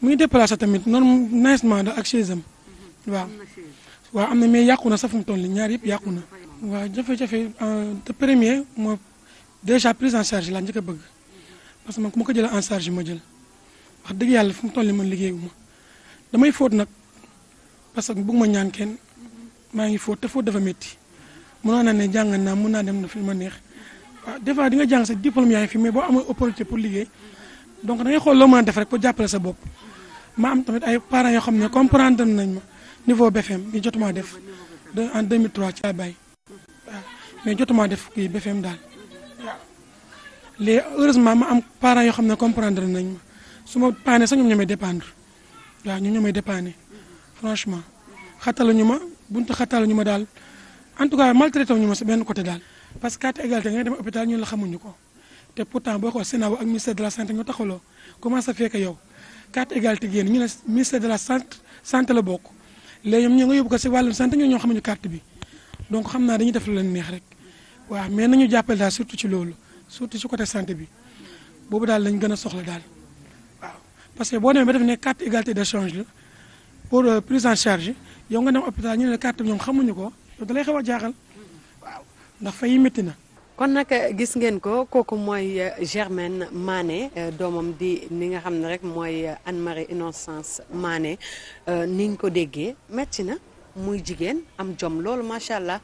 Speaker 5: mu ngi déplacé tamit noonu nicement da ak waaw am na mais yàqu na sax fu mu toll nii ñaar yëpp yàqu na. waaw jafe-jafe euh, te premier moo déjà prise en charge laa njëkk a bëgg parce que man ku ma ko jëlee en charge ma jël wax dëgg yàlla fu mu toll nii man liggéeyuma damay fóot nag parce que bëgg ma ñaan kenn maa ngi fóot te fóot dafa métti mënoon naa ne jànga naa mën naa dem na fi ma neex waaw des fois di nga jàng sa diplôme yaa ngi fi mais boo amul opportunité pour liggéey donc da xool loo mën a def rek pour jàppale sa bopp ma am tamit ay parents yoo xam ne comprendre nañ ma. niveau BFM bi jotumaa def en 2003 ci laa bàyyi waaw mais jotuma def kii BFM daal waaw léegi heureusement ma am parents yoo xam ne comprendre nañ ma su ma paane sax ñoom ñoo may dépendre waaw ñu ñoo may dépanner franchement xataluñu ma buntu xataluñu ma daal en tout cas maltraité ñu ma sa benn côté daal. parce que carte égalité nga dem hôpital ñun la xamuñu ko te pourtant boo ko Sénat ak ministère de la santé ñu taxaloo comment ça fait que yow carte ñu ne ministère de la santé santé la bokk. léegi ñoom ñoo nga yóbbu ko si wàllum santé ñoo ñoo xamuñu kart bi donc xam naa dañuy def lu leen neex rek waaw mais nañu jàppale daal surtout ci loolu surtout ci côté santé bi boobu daal lañu gën a soxla daal waaw parce que boo demee ba def ne carte égalté de change la pour euh, prise en charge yow nga dem hôpital ñu ne la carte bi ñoom xamuñu ko yow da lay xaw a jaaxal waaw ndax fay yi métti na kon nag eh, gis ngeen ko kooku
Speaker 1: mooy eh, Germaine maane eh, doomam di ni nga xam ne rek mooy Anne-Marie Innocence Mané ni ñu ko déggee metti na muy jigéen am jom loolu macha allah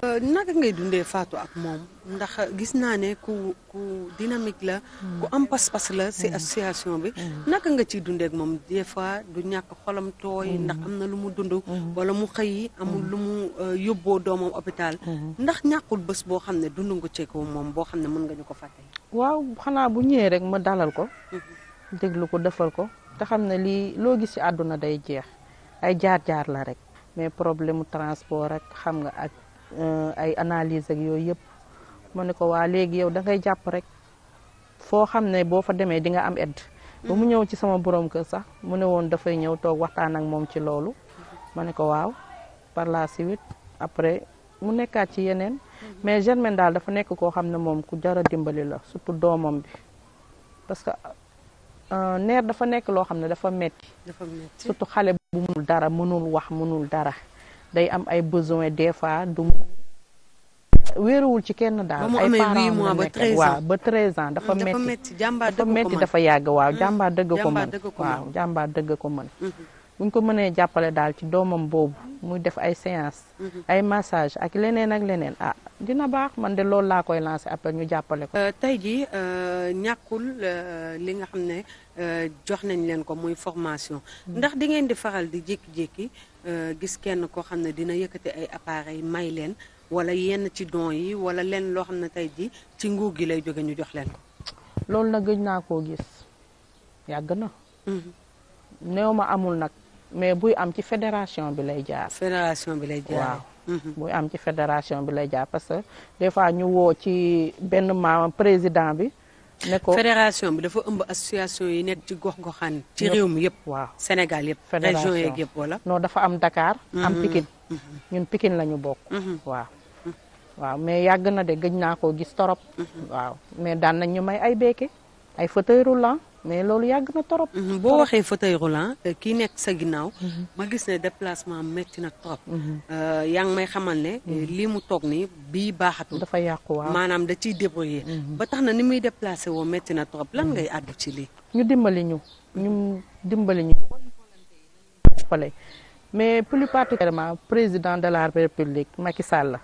Speaker 1: Euh, naka ngay dundee Fatou ak moom ndax gis naa ne ku ku dynamique la. ku am pas-pas la ci mm. association bi. Mm. Mm. naka nga ciy dundeek moom des fois du ñàkk xolam tooy. ndax am na lu mu dund. wala mu xëy amul lu mu euh, yóbboo doomam hôpital. ndax ñàkkul bés boo xam ne dund nga ci ko moom boo xam ne mën nga ñu ko fàtte.
Speaker 2: waaw xanaa bu ñëwee rek ma dalal ko. Mm-hmm. déglu ko defal ko te xam ne lii loo gis ci àdduna day jeex ay jaar-jaar la rek mais problème mu transport rek xam nga ak. Euh, ay analyse ak yooyu yëpp mu ne ko waa léegi yow da ngay jàpp rek foo xam ne boo fa demee di nga am edd ba mu mm-hmm. ñëw ci sama borom kër sax mu ne woon dafay ñëw toog waxtaan ak moom ci loolu. ma ne ko waaw par la suite après mu nekkaat ci yeneen. Mm-hmm. mais Germaine daal dafa nekk koo xam ne moom ku jara dimbali la surtout doomam bi parce que euh, neer dafa nekk loo xam ne dafa metti surtout xale bu mënul dara mënul wax mënul dara. day am ay besoin des fois du ci kenn daal ay parents waaw ba treize ans dafa metti mm, dafa metti dafa yàgg waaw mm, jàmbaar dëgg ko mën waaw jàmbaar dëgg ko mën mm-hmm. bu ñu ko mënee jàppale daal ci doomam boobu muy def ay séance mm-hmm. ay massage ak leneen ak leneen ah dina baax man de loolu laa koy lancé après ñu jàppale ko
Speaker 1: euh, tey jii euh, ñàkkul euh, li nga xam ne jox nañ leen ko muy formation mm-hmm. ndax di ngeen di faral di jékki-jékki Euh, gis kenn koo xam ne dina yëkkati ay appareil may leen wala yenn ci don yi wala leen loo xam ne tey ji ci nguur gi lay jóge ñu jox leen ko
Speaker 2: loolu nag gëj naa koo gis yàgg na mhm. néew ma amul nag mais buy am ci fédération bi lay jaar
Speaker 1: fédération bi lay jaar waaw mhm. buy
Speaker 2: am ci fédération bi lay jaar parce que des fois ñu woo ci benn maam président bi
Speaker 1: ne ko fédération bi dafa ëmb association yi nekk ci gox-goxaan. ci réew mi yëpp waaw Sénégal yëpp. région yeeg yëpp wala.
Speaker 2: dafa am dakaar am mhm. Pikine. Mhm. ñun Pikine la ñu bokk. Mhm. waaw waaw mais yàgg na de gëj naa koo gis torop. waaw mais daan nañ ñu may ay béke ay fauteuil roulant. mais loolu yàgg na torop mhm, boo waxee
Speaker 1: fauteuil roulant euh, kii nekk sa ginnaaw. Mhm. ma gis ne déplacement metti na trop. Mhm. Euh, yaa ngi may xamal ne. Euh, lii mu toog nii bii baaxatul. dafa yàqu waaw maanaam da ciy débrouiller. ba tax na ni muy déplacé woo metti na trop lan ngay àddu ci lii.
Speaker 2: ñu dimbali ñu ñu dimbali ñu. mais plus particulièrement président de la république Macky Sall la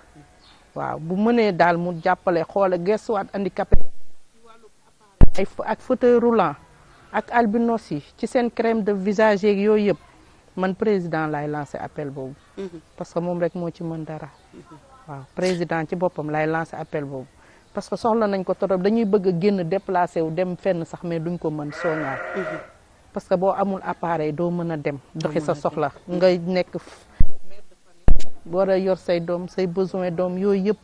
Speaker 2: waaw bu mënee daal mu jàppale xoole gestuwaat handicapé ay ak fauteuil roulant ak albinos yi ci seen crème de visage yeeg yooyu yëpp man président lay lancé appel boobu. Mhm. parce que moom rek moo ci mën dara.
Speaker 6: Mhm. waaw
Speaker 2: président ci boppam laay lancé appel boobu parce que soxla nañ ko trop dañuy bëgg a génn déplacé wu dem fenn sax mais duñ ko mën soñaar mhm. parce que boo amul appareil doo mën a dem. doxi sa soxla ngay nekk. war a yor say doom say besoin doom yooyu yëpp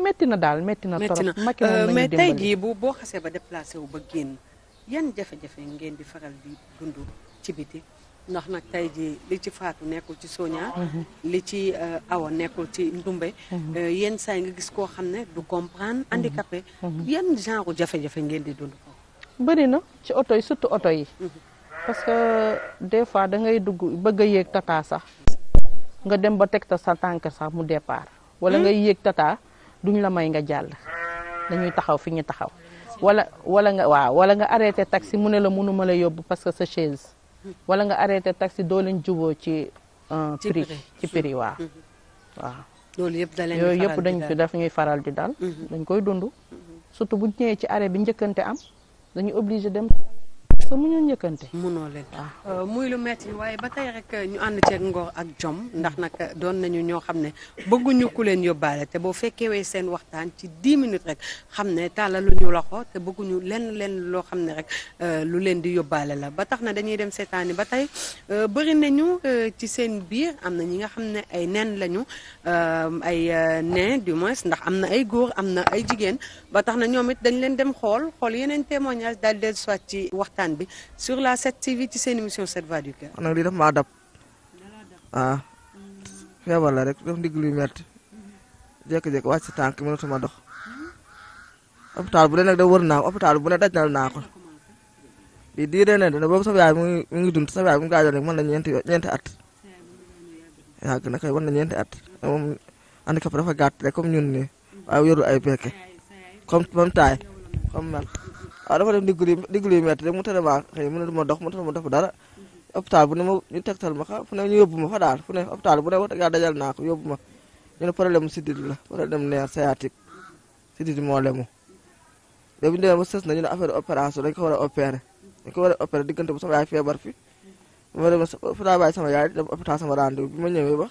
Speaker 2: metti na daal metti na. trop metti na euh, mais tey jii
Speaker 1: bu boo xasee ba déplacé wu ba génn. yan jafe-jafe ngeen di faral di dund ci biti ndax nag tey ji li ci faatu nekkul ci soña mhm. li ci euh, awa nekkul ci ndumbe mhm. euh, yenn saa nga gis koo xam ne du comprendre mhm. handicapé yan genre jafe-jafe ngeen di dund
Speaker 2: bëri na ci oto yi surtout oto yi parce que des fois da ngay dugg bëgg a yéeg tata sax nga dem ba teg ta sa tànk sax mu départ wala hmm? ngay yéeg tata duñ la may nga jàll dañuy taxaw fi ñu taxaw wala wala nga waaw wala nga arrêté taxi mu ne la mënuma la yóbbu parce que sa chaise wala nga arrêté taxi doo leen juboo ci euh, prix ci prix waaw mhm. waaw loolu yëpp da yooyu yëpp dañ fi daf ñuy faral di daal mhm. dañ koy dund mhm. surtout bu ñëwee ci arrêt bi njëkkante am dañuy obligé dem te mu ñu njëkkante. munoo leen waaw ah.
Speaker 1: euh, muy lu metti waaye ba tey rek ñu ànd ceeg ngor ak jom ndax nag doon nañu ñoo xam ne bëgguñu ku leen yóbbaale te boo fekkewee seen waxtaan ci 10 minutes rek xam ne tàllalu ñu loxo te bëgguñu lenn lenn loo xam ne rek euh, lu leen di yóbbaale la ba tax na dañuy dem seetaani ba tey euh, bëri nañu ci seen biir am na ñi nga xam ne ay nen lañu ay nen du moins ndax am na ay góor am na ay jigéen ba tax na ñoom it dañ leen dem xool xool yeneen témoignage daal del soit ci waxtaan bi bi sur la set TV ci seen émission 7 voix du
Speaker 7: cœur. nag lii daf maa ah. la rek daf ndigg luy metti jékki-jékki wàcc si tànk mënatuma dox hôpital bu dee nag da wër naa ko hôpital bu ne daj nal naa ko lii diiree na dina boobu sa yaay mu ngi mu ngi dund sa yaay mu ngi gaañoon rek mën na ñeenti ñeenti at yàgg na kay mën na ñeenti at moom handicap dafa gàtt rek comme ñun nii waaye yorul ay pekke comme waaw dafa dem diggu diggu luy métti rek mu tane maa xëy mënatu ma dox mënatu ma def dara hôpital bu ne ma ma xa fu ne ñu yóbbu ma fa daal fu ne hôpital bu a wax dëgg dajal naa ko yóbbu ma ñu ne problème mu sidit la problème nerf sciatique sidit moo lemu na ne affaire opération dañ ko war a opéré dañ ko war a opéré diggante bu sama yaay feebar fi ma dem fa daa bàyyi sama ma ñëwee ba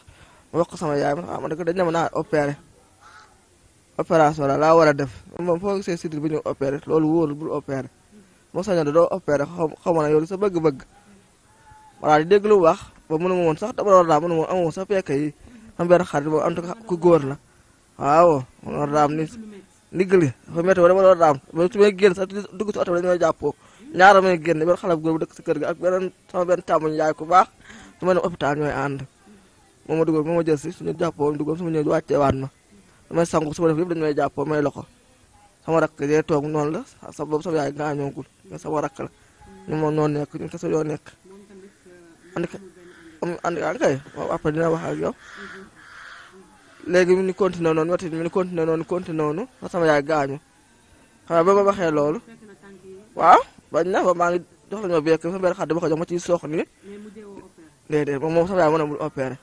Speaker 7: ma wax ko sama yaay ma ah man de dañ ne ma naa opération la war a def moom foo gisee siddit bu ñu opéré loolu wóorul bul opéré moo sañoon da doo opéré xaw ma ne sa bëgg-bëgg voilà di dégg wax ba mënu ma woon sax dama war ma woon amu sax fekk yi am benn xarit boobu en tout cas ku góor la waaw man war daam ni ndigli dafa métti dama war daam ba su may génn sax dugg ci oto bi dañoo jàppoo ñaara may génn benn xale bu góor bu dëkk si kër gi ak beneen sama benn tàmmuñ yaay ku baax ma ne hôpital ñooy ànd moom ma moom ma jël si suñu jàppoo dugal su damay sangu su ma def lépp dañu may jàppoo may loxo sama rakk day toog noonu la sa boobu sama yaay nga ñoogul mais sama rakk la ñu moom noonu nekk ñu kese yoo nekk
Speaker 6: and and kay waaw après dina wax ak yow
Speaker 7: léegi mu ni continué noonu wati mu ni continué noonu continué noonu sama yaay gaañu xam nga ba ma waxee loolu waaw bañ na ba maa ngi jox lañ ma bekk sama benn xarit ba ko jox ma ciy soox ni déedéet moom moom sama yaay mën a mu opéré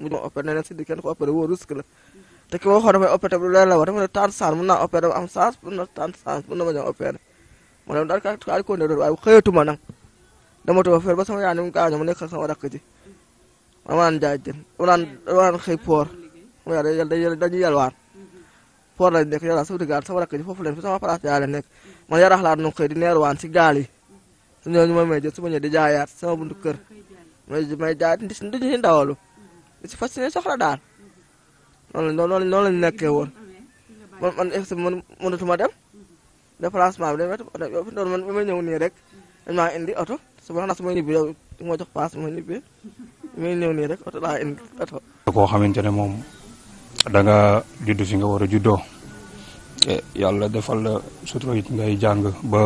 Speaker 7: mu ma opéré nee na si di kenn ko opéré woo risque la te ki ma waxoon dafay opéré lu leer la wax dafa ne tant chance mun naa opéré dafa am na tant chance mun na ma ñëw opéré yaay ni mu gaañoo ma nekk ak sama rakk ji ma naan jaay jën ma naan ma naan xëy poor ma yàlla dañuy dañuy yalwaan poor lañ nekk yàlla sama gaal sama rakk ji foofu leen fi sama place yaa leen nekk man yaraax laa doon xëy di neerwaan si gaal yi ma may jël su ma ñëwee di jaayaat sama buntu kër may may jaay di si ndawalu di si fas noonu la noonu la ñu nekkee woon man man extra man mënatuma dem déplacement bi dañuy def loolu man bi ma ñëw nii rek dañ maa indi oto su ma la su ma ñibbi yow ma jox paas ma ñibbi ma ñëw nii rek oto laa indi oto.
Speaker 8: koo xamante ne moom da nga judd fi nga war a juddoo te yàlla defal la sutura it ngay jàng ba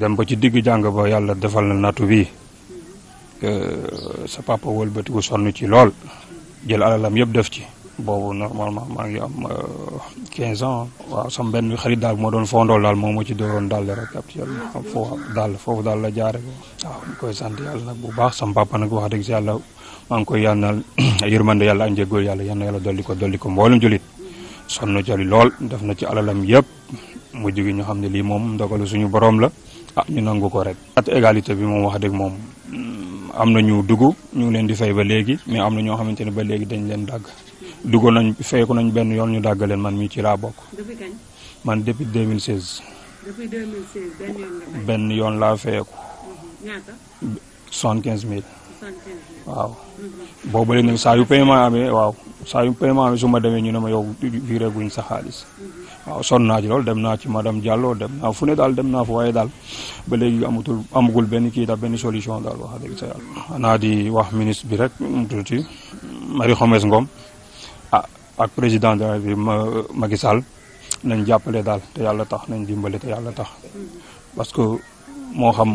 Speaker 8: dem ba ci digg jàng ba yàlla defal la nattu bi sa papa wëlbatiku sonn ci lool. jël alalam yëpp def ci boobu normalement maa ngi am 15 euh, ans waaw sama benn xarit daal moo doon fondool daal moom moo ci doon daal rek actuellement foofu daal foofu daal la jaare ko waaw ñu koy sant yàlla nag bu baax sama papa nag wax dëgg si yàlla maa ngi koy yànnal yërmande yàlla ak yàlla yal na yàlla dolli ko dolli ko mboolem julit sonn na joli lool def na ci alalam yëpp mu gi ñu xam ne lii moom ndogalu suñu boroom la ah ñu nangu ko rek at égalité bi moom wax dëgg moom mm, am na ñu dugg ñu ngi leen di fay ba léegi mais am na ñoo xamante ne ba léegi dañ leen dàgg dugg nañ feyeku nañ benn yoon ñu dàgg leen man mi ci laa bokk. man depuis 2016.
Speaker 6: mille 2016 benn
Speaker 8: benn yoon laa feyeku.
Speaker 6: Mhm. ñaata.
Speaker 8: 75000. 75000 waaw. Mhm. boobu léegi nag saa yu paiement amee waaw saa yu paiement amee su ma demee ñu ne ma yow viré guñ sa xaalis. Mhm. waaw sonn naa ci loolu dem naa ci madame Diallo dem naa fu ne daal dem naa fa waaye daal ba léegi amatul amagul benn kii daal benn solution daal wax dëgg sa yàlla. xanaa di wax ministre bi rek mu tuuti Marie Khemesse Ngom ah ak président de la République Sall nañ jàppale daal te yàlla tax nañ dimbale te yàlla tax parce que moo xam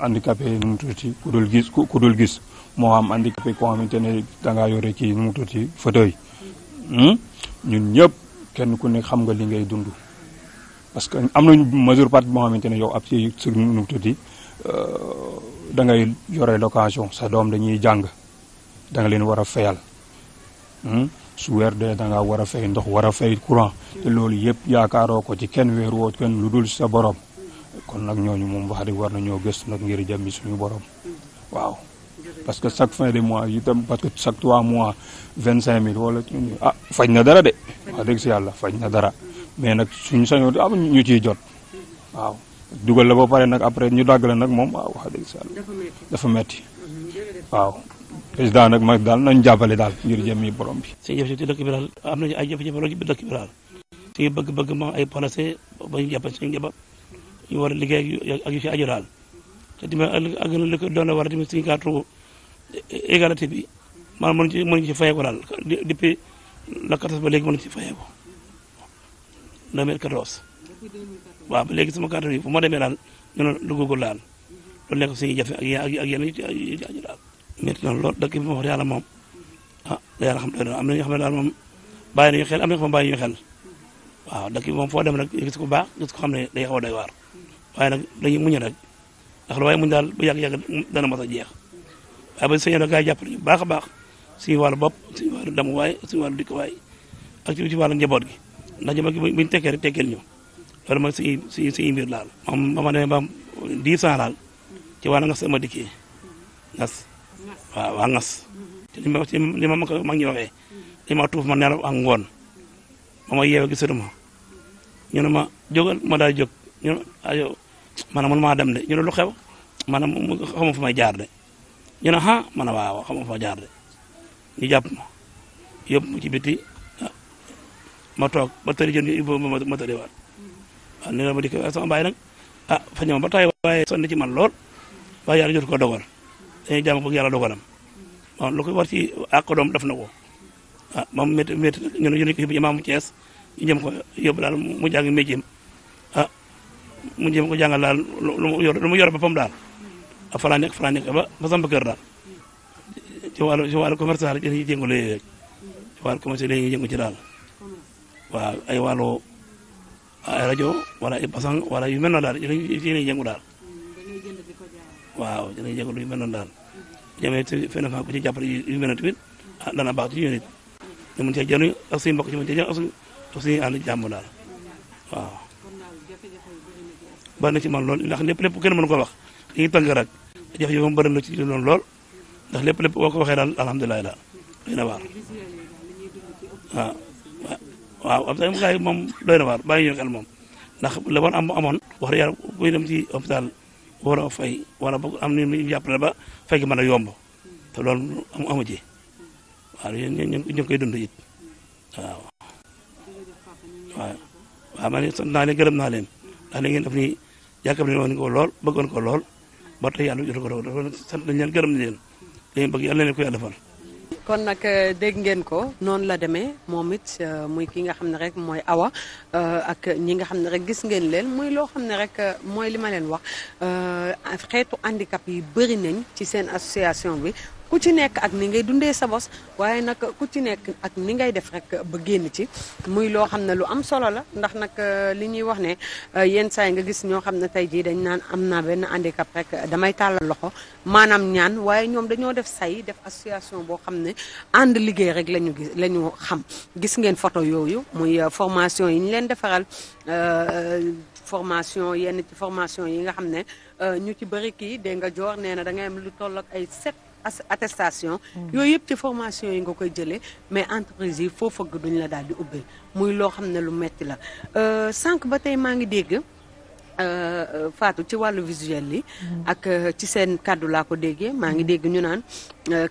Speaker 8: handicapé nu mu tuuti ku dul gis ku dul gis moo xam handicapé koo xamante ne dangaa yore ci nu mu tuuti fauteuil hmm? ñun ñëpp. kenn ku nekk xam nga li ngay dund parce que am nañu majeure partie boo xamante ne yow ab si sur nu tuuti euh, da dangay yore location sa doom dañuy jàng danga leen war a fayal hmm? su weer dee da nga war a fay ndox war a fay courant te loolu yëpp yaakaaroo ko ci kenn weer woo kenn lu dul sa borom kon nag ñooñu moom wax dëgg war na ñoo gëstu nag ngir jëm bi suñu borom waaw parce que chaque fin de mois itam parce que chaque trois mois vingt cinq mille wala ah faj na dara de wax dëgg si yàlla faj na dara mais nag suñu sañoon am ñu ciy jot waaw dugal la ba pare nag après ñu dàgg la nag moom waaw wax dëgg si yàlla dafa metti mhm, waaw président nag mag daal nañ jàppale daal ngir jëmmi borom bi seen
Speaker 9: jafe-jafe dëkk bi daal am nañu ay jafe-jafe loolu dëkk bi bëgg-bëgg moom ay placé ba ñu jàppale suñu njaboot ñu war a liggéey a égalité bi maanaam mënuñu ci mënuñu ci fayeeko daal depuis la 14 ba léegi mënuñu ci fayeeko 2014 waaw ba léegi sama carte yi fu ma demee daal ñu ne lu googu laal loolu nekk suñuy jafe ak ak yenn yi ci aju daal na lool dëkk bi ma wax yàlla moom ah yàlla xam am na ñoo xam ne daal moom bàyyi nañu xel am na ñoo xam ne waaw dëkk bi moom foo dem rek gis ko baax gis ko xam ne day xaw a doy waar waaye nag dañuy muñ rek ndax lu waaye muñ daal bu yàgg-yàgg dana mas a jeex waaye ba sañoon gaa baax a baax suñu wàllu bopp suñu wàllu damuwaay suñu wàllu dikkuwaay ak ci wàllu njaboot gi ndax njaboot gi buñu tekkee rek tekkeel ñu loolu mooy suñu suñu laal moom ma demee ba dix ans laal ci wàllu ngas dikkee ngas waaw waa ngas te li ma li ma mag ñi waxee li ma tuuf ma nelaw ak ngoon ma yeewe gisatu ma ñu ma jógal ma daal jóg ñu man maa dem lu xew maanaam xaw ma fu may jaar de ñu ne ah ma ne waaw xam nga fa jaar de ñu jàpp ma yóbbu ci biti ma toog ba tëri jën yi ma ma tëriwaat waaw ni la ma dikk sama baay nag ah, ba taay waaye sonn ci man lool waaye yàlla jot ko dogal dañuy jàng foog yàlla lu ko war ci àq doom def na ko ma ah, moom métti métti ñu ne ñu ne ko yóbbu imaamu Thiès ñu jëm ko yóbbu daal mu jàng métier ah, mu jëm ko jàngal daal lu mu yor lu mu yor boppam daal fa laa nekk fa laa nekk ba ba samp kër daal ci wàllu ci wàllu commerce daal ci yëngu léegi ci wàllu commerce daal waaw ay wàllu ay rajo wala ay basang wala yu mel noonu daal ci la ñuy yëngu daal waaw ci la ñuy yëngu yu mel noonu daal jamee fenn fan ku ci jàppale yu mel noonu tamit ah baax ci ñun it ñu mën cee jëriñu ak suñu mbokk ak suñu ak suñu ànd daal waaw bari na ci man lool ndax lépp lépp kenn mënu ko wax dañuy tàng a jafe-jafe moom bëri na ci loolu lool ndax lépp lépp boo ko waxee daal alhamdulilah daal doy na waar waaw waaw am na gars ñu xel moom ndax la woon am amoon wax dëgg yàlla am nañu ñu jàppale ba fay gi a yomb te loolu am amu ci waaw ñu koy dund it waaw. waaw waaw man naa leen gërëm naa leen ndax li ngeen def nii yaakaar nañu woon ko lool bëggoon ko lool. ba tey yàlla jotu ko daw dafa sant nañ leen gërëm nañ leen li ngeen bëgg yàlla leen ko yàlla defal
Speaker 1: kon nag euh, dégg ngeen ko noonu la demee moom it euh, muy ki nga xam ne rek mooy awa euh, ak ñi nga xam ne rek gis ngeen leen muy loo xam ne rek mooy li ma leen wax xeetu handicap yi bëri nañ ci seen association bi ku ci nekk ak ni ngay dundee sa bos waaye nag ku ci nekk ak ni ngay def rek ba génn ci muy loo xam ne lu am solo la ndax nag euh, li ñuy wax ne euh, yenn saa yi nga gis ñoo xam ne tey jii dañ naan am naa benn handicap rek damay tàllal loxo maanaam ñaan waaye ñoom dañoo def say def association boo xam ne ànd liggéey rek lañu gis lañu ñu xam gis ngeen photo yooyu muy euh, formation yi ñu leen defaral formation yenn ci formation yi nga xam ne ñu ci bëri kii dégg nga joor nee na da ngay am lu toll ay set attestation mm. yooyu yëpp ci formation yi nga koy jëlee mais entreprise yi foo fëgg duñ la daal di ubbi muy loo xam ne lu metti la euh, sànq ba tey maa ngi dégg euh, euh, faatu ci wàllu visuel yi mm. ak ci seen kàddu laa ko déggee maa ngi mm. dégg ñu naan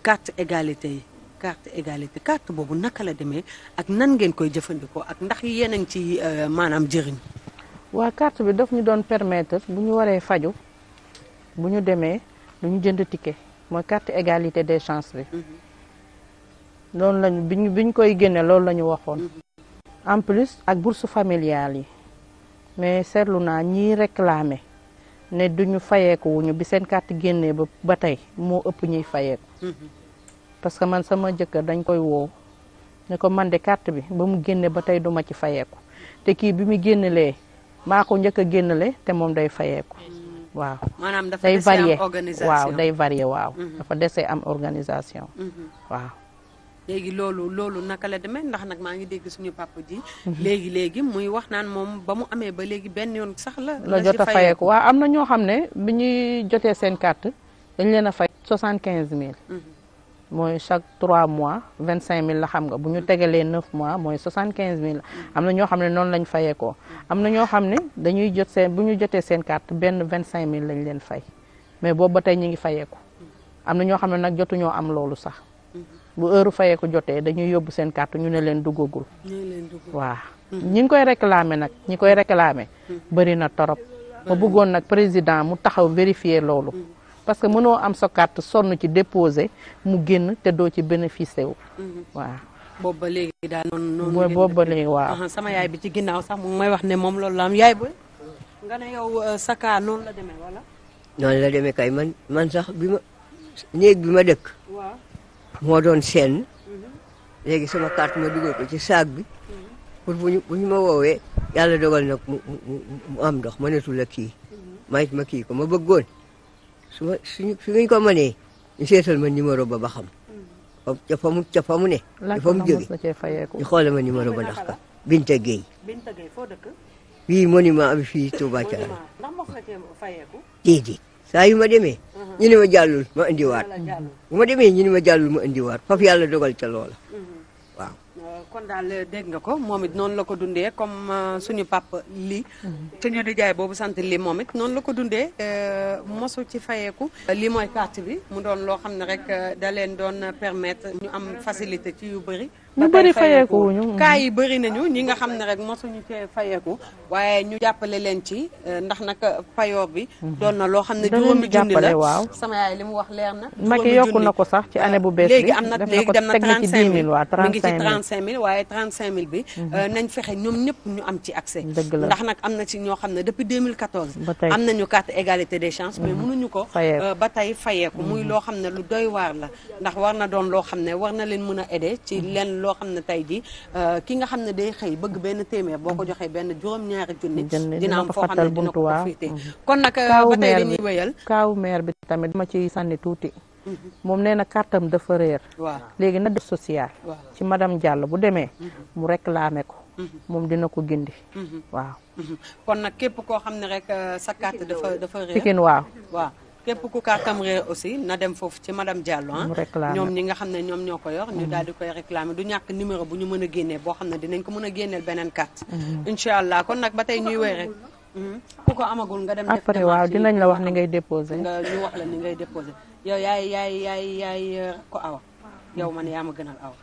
Speaker 1: carte égalité yi carte égalité carte boobu naka la demee ak nan ngeen koy jëfandikoo ak ndax yéen a ngi ci maanaam jëriñ waa carte
Speaker 2: bi daf ñu doon permettre bu ñu waree faju bu ñu demee duñu jënd ticket mooy carte égalité des chances bi mhm. loolu lañu biñ biñ koy génnee loolu la ñu waxoon mhm. en plus ak bourse familiale yi mais seetlu naa ñii reklaame ne duñu fayeeku wuñu bi seen carte génnee ba ba tey moo ëpp ñuy fayeeku mhm. parce que man sama jëkkër dañ koy woow ne ko man de carte bi ba mu génnee ba tey duma ci fayeeku te kii bi mu génnelee maa ko njëkk a génnele te moom day fayeeku waaw maanaam dafa dese am waaw day varié waaw. Mhm. dafa dese am organisation. Mhm. waaw.
Speaker 1: léegi loolu loolu naka la demee ndax nag maa ngi dégg suñu papa ji. Mhm. léegi léegi muy wax naan moom ba mu amee ba léegi benn yoon
Speaker 6: sax la. la jot a ko
Speaker 2: waaw am na ñoo xam ne bi ñuy jotee seen carte dañ leen a fay soixante quinze mille. mooy chaque trois mois vingt 25000 la xam nga bu ñu tegalee 9 mois mooy 75000 la am na ñoo xam ne noon lañ fayee ko am na ñoo xam ne dañuy jot seen bu ñu jotee seen carte benn 25000 lañ leen fay mais boobu ba tey ñu ngi fayee ko am na ñoo xam ne nag jotuñoo am loolu sax bu heure fayee ko jotee dañuy yóbbu seen carte ñu ne leen duggagul. waaw hmm. ñi ngi koy réclamé nag ñi koy réclamé. Hmm. bëri na torop hmm. ma buggoon nag président mu taxaw vérifier loolu. parce que mënoo am sa son nu ci déposé mu génn te doo ci bénéficié wu. Mhm. waaw
Speaker 1: ba léegi daal
Speaker 7: noonu. noonu boobu léegi waaw.
Speaker 1: sama yaay bi ci ginnaaw sax mu may wax ne moom loolu la am yaay bu nga ne yow euh, sa kaa noonu la demee
Speaker 7: la demee kay man man sax bi ma néeg bi ma dëkk. waaw moo doon seen. Mhm. léegi sama carte ma dugal ci saag bi. Mhm. pour bu ñu ma woowee yàlla dogal nag mu am ndox ma netul a kii. ma it ma kii ko ma bëggoon. su ma suñu suñu ko mënee ñu seetal ma numéro ba ba xam.
Speaker 1: Mm.
Speaker 7: ca fa mu ca fa mu ne. ca fa mu jógee ñu xoolal ma numéro ba ndax ka Binta Gueye.
Speaker 1: Binta Gueye foo dëkk.
Speaker 7: fii monument bi fii Touba Thiaré. ndax mos nga cee saa yu ma demee.
Speaker 1: Uh-huh. ñu ne ma
Speaker 7: jàllul ma indiwaat. ma demee ñu ne ma jàllul ma indiwaat faf yàlla dogal ca loola.
Speaker 1: kon daal euh, dégg nga ko moom it noonu la ko dundee comme euh, suñu papa lii. Mhm. te di jaay boobu sant lii moom it noonu la ko dundee euh, mosu ci fayeeku lii mooy carte bi mu doon loo xam ne rek da leen doon permettre ñu am facilité ci yu bëri.
Speaker 6: ñu bëri fayeeku
Speaker 1: ñu mm-hmm. cas yi bëri nañu ñi nga xam ne rek mosuñu cee fayeeku waaye ñu jàppale leen ci eh, ndax nag payoor bi mm-hmm. doon na loo xam ne juróomi junni la waaw sama yaay li wax leer na Macky yokku na ko
Speaker 2: sax ci ah, année bu bees bi léegi am na léegi dem na cinq mille waaye
Speaker 1: trente cinq mille bi mm-hmm. eh, nañ fexe ñoom ñëpp ñu am ci accès ndax nag am na ci ñoo xam ne depuis 2014 am nañu carte égalité des chances mais mënuñu ko eh, ba tey fayeeku muy loo xam ne lu doy waar la ndax war na doon loo xam ne war na leen mën a aider ci leen loo xam ne tey euh, ki nga xam ne day xëy benn téeméer boo ko mm-hmm. joxee benn juróom-ñaari junni dina am foo xam ne ko profité mm-hmm. kon nag euh, ba tey dañuy
Speaker 2: wéyal kaawu maire bi tamit dama ciy sànni tuuti
Speaker 1: mm-hmm.
Speaker 2: moom nee na kartam dafa réer léegi na def social ci madame Diallo bu demee mu réclamer ko moom dina ko gindi
Speaker 1: waaw kon nag képp koo xam ne rek euh, sa carte dafa dafa réer Pikine waaw waaw képp ku kaa camré aussi na dem foofu ci madame Diallo ah ñoom ñi nga xam ne ñoom ñoo ko yor ñu mm-hmm. daal di koy réclamer du ñàkk numéro bu ñu mën a génnee boo xam ne dinañ ko mën a génneel beneen carte mm-hmm. incha allah kon nag ba tey ñuy wéy rek mm-hmm. ku ko amagul nga dem après waaw dinañ la
Speaker 2: wax ni ngay déposé nga ñu
Speaker 1: wax la ni ngay déposé yow yaay yaay yaay yaay euh, ko awa yow man yaa ma gënal aw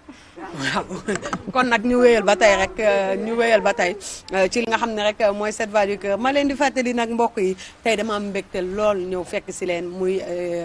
Speaker 1: kon nag ñu wéyal ba tey rek euh, ñu wéyal ba tey euh, ci li nga xam ne rek euh, mooy sept voix du cœur ma leen di fàttali nag mbokk yi tey dama am mbégte lool ñëw fekk si leen muy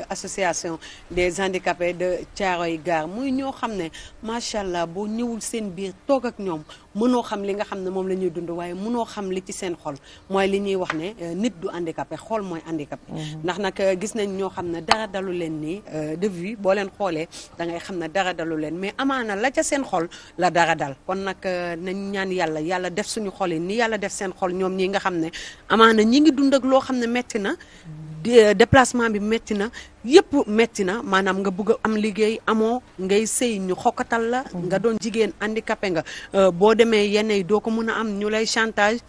Speaker 1: association des handicapés de Thiaroye gar muy ñoo xam ne macha allah boo ñëwul seen biir toog ak ñoom mënoo xam li nga xam ne moom la ñuy dund waaye mënoo xam li ci seen xol mooy li ñuy wax ne euh, nit du handicapé xool mooy handicapé mhm. ndax nag euh, gis nañ ñoo xam ne dara dalu leen nii euh, de vue boo leen xoolee da ngay xam ne dara dalu leen mais amaana la ca seen xol la dara dal kon nag nañ ñaan yàlla yàlla def suñu xol yi ni yàlla def seen xol ñoom ñi nga xam ne amaana ñi ngi dund ak loo xam ne metti na mhm. Euh, déplacement bi métti na yëpp métti na maanaam nga bugg am liggéey amoo ngay sëy ñu xokkatal la nga doon jigéen handicapé nga euh, boo demee yenn yi doo ko mun a am ñu lay chantage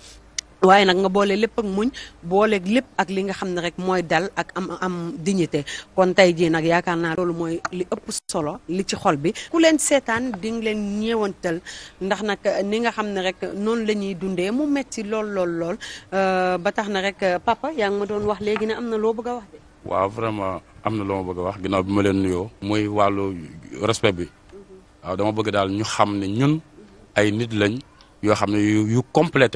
Speaker 1: waaye nag nga boole lépp ak muñ boole lépp ak li nga xam ne rek mooy dal ak am am dignité kon tey jii nag yaakaar naa loolu mooy li ëpp solo li ci xol bi ku leen seetaan di nga leen ñeewantal ndax nag ni nga xam ne rek noonu la ñuy dundee mu metti lool lool lool euh, ba tax na rek papa yaa ngi ma doon wax léegi ne am na loo bëgg a wax de.
Speaker 10: waaw vraiment am na loo ma bëgg a wax ginnaaw bi ma leen nuyoo. mooy wàllu respect bi. Mhm. waaw dama bëgg daal ñu xam ne ñun ay nit lañ yoo xam ne yu yu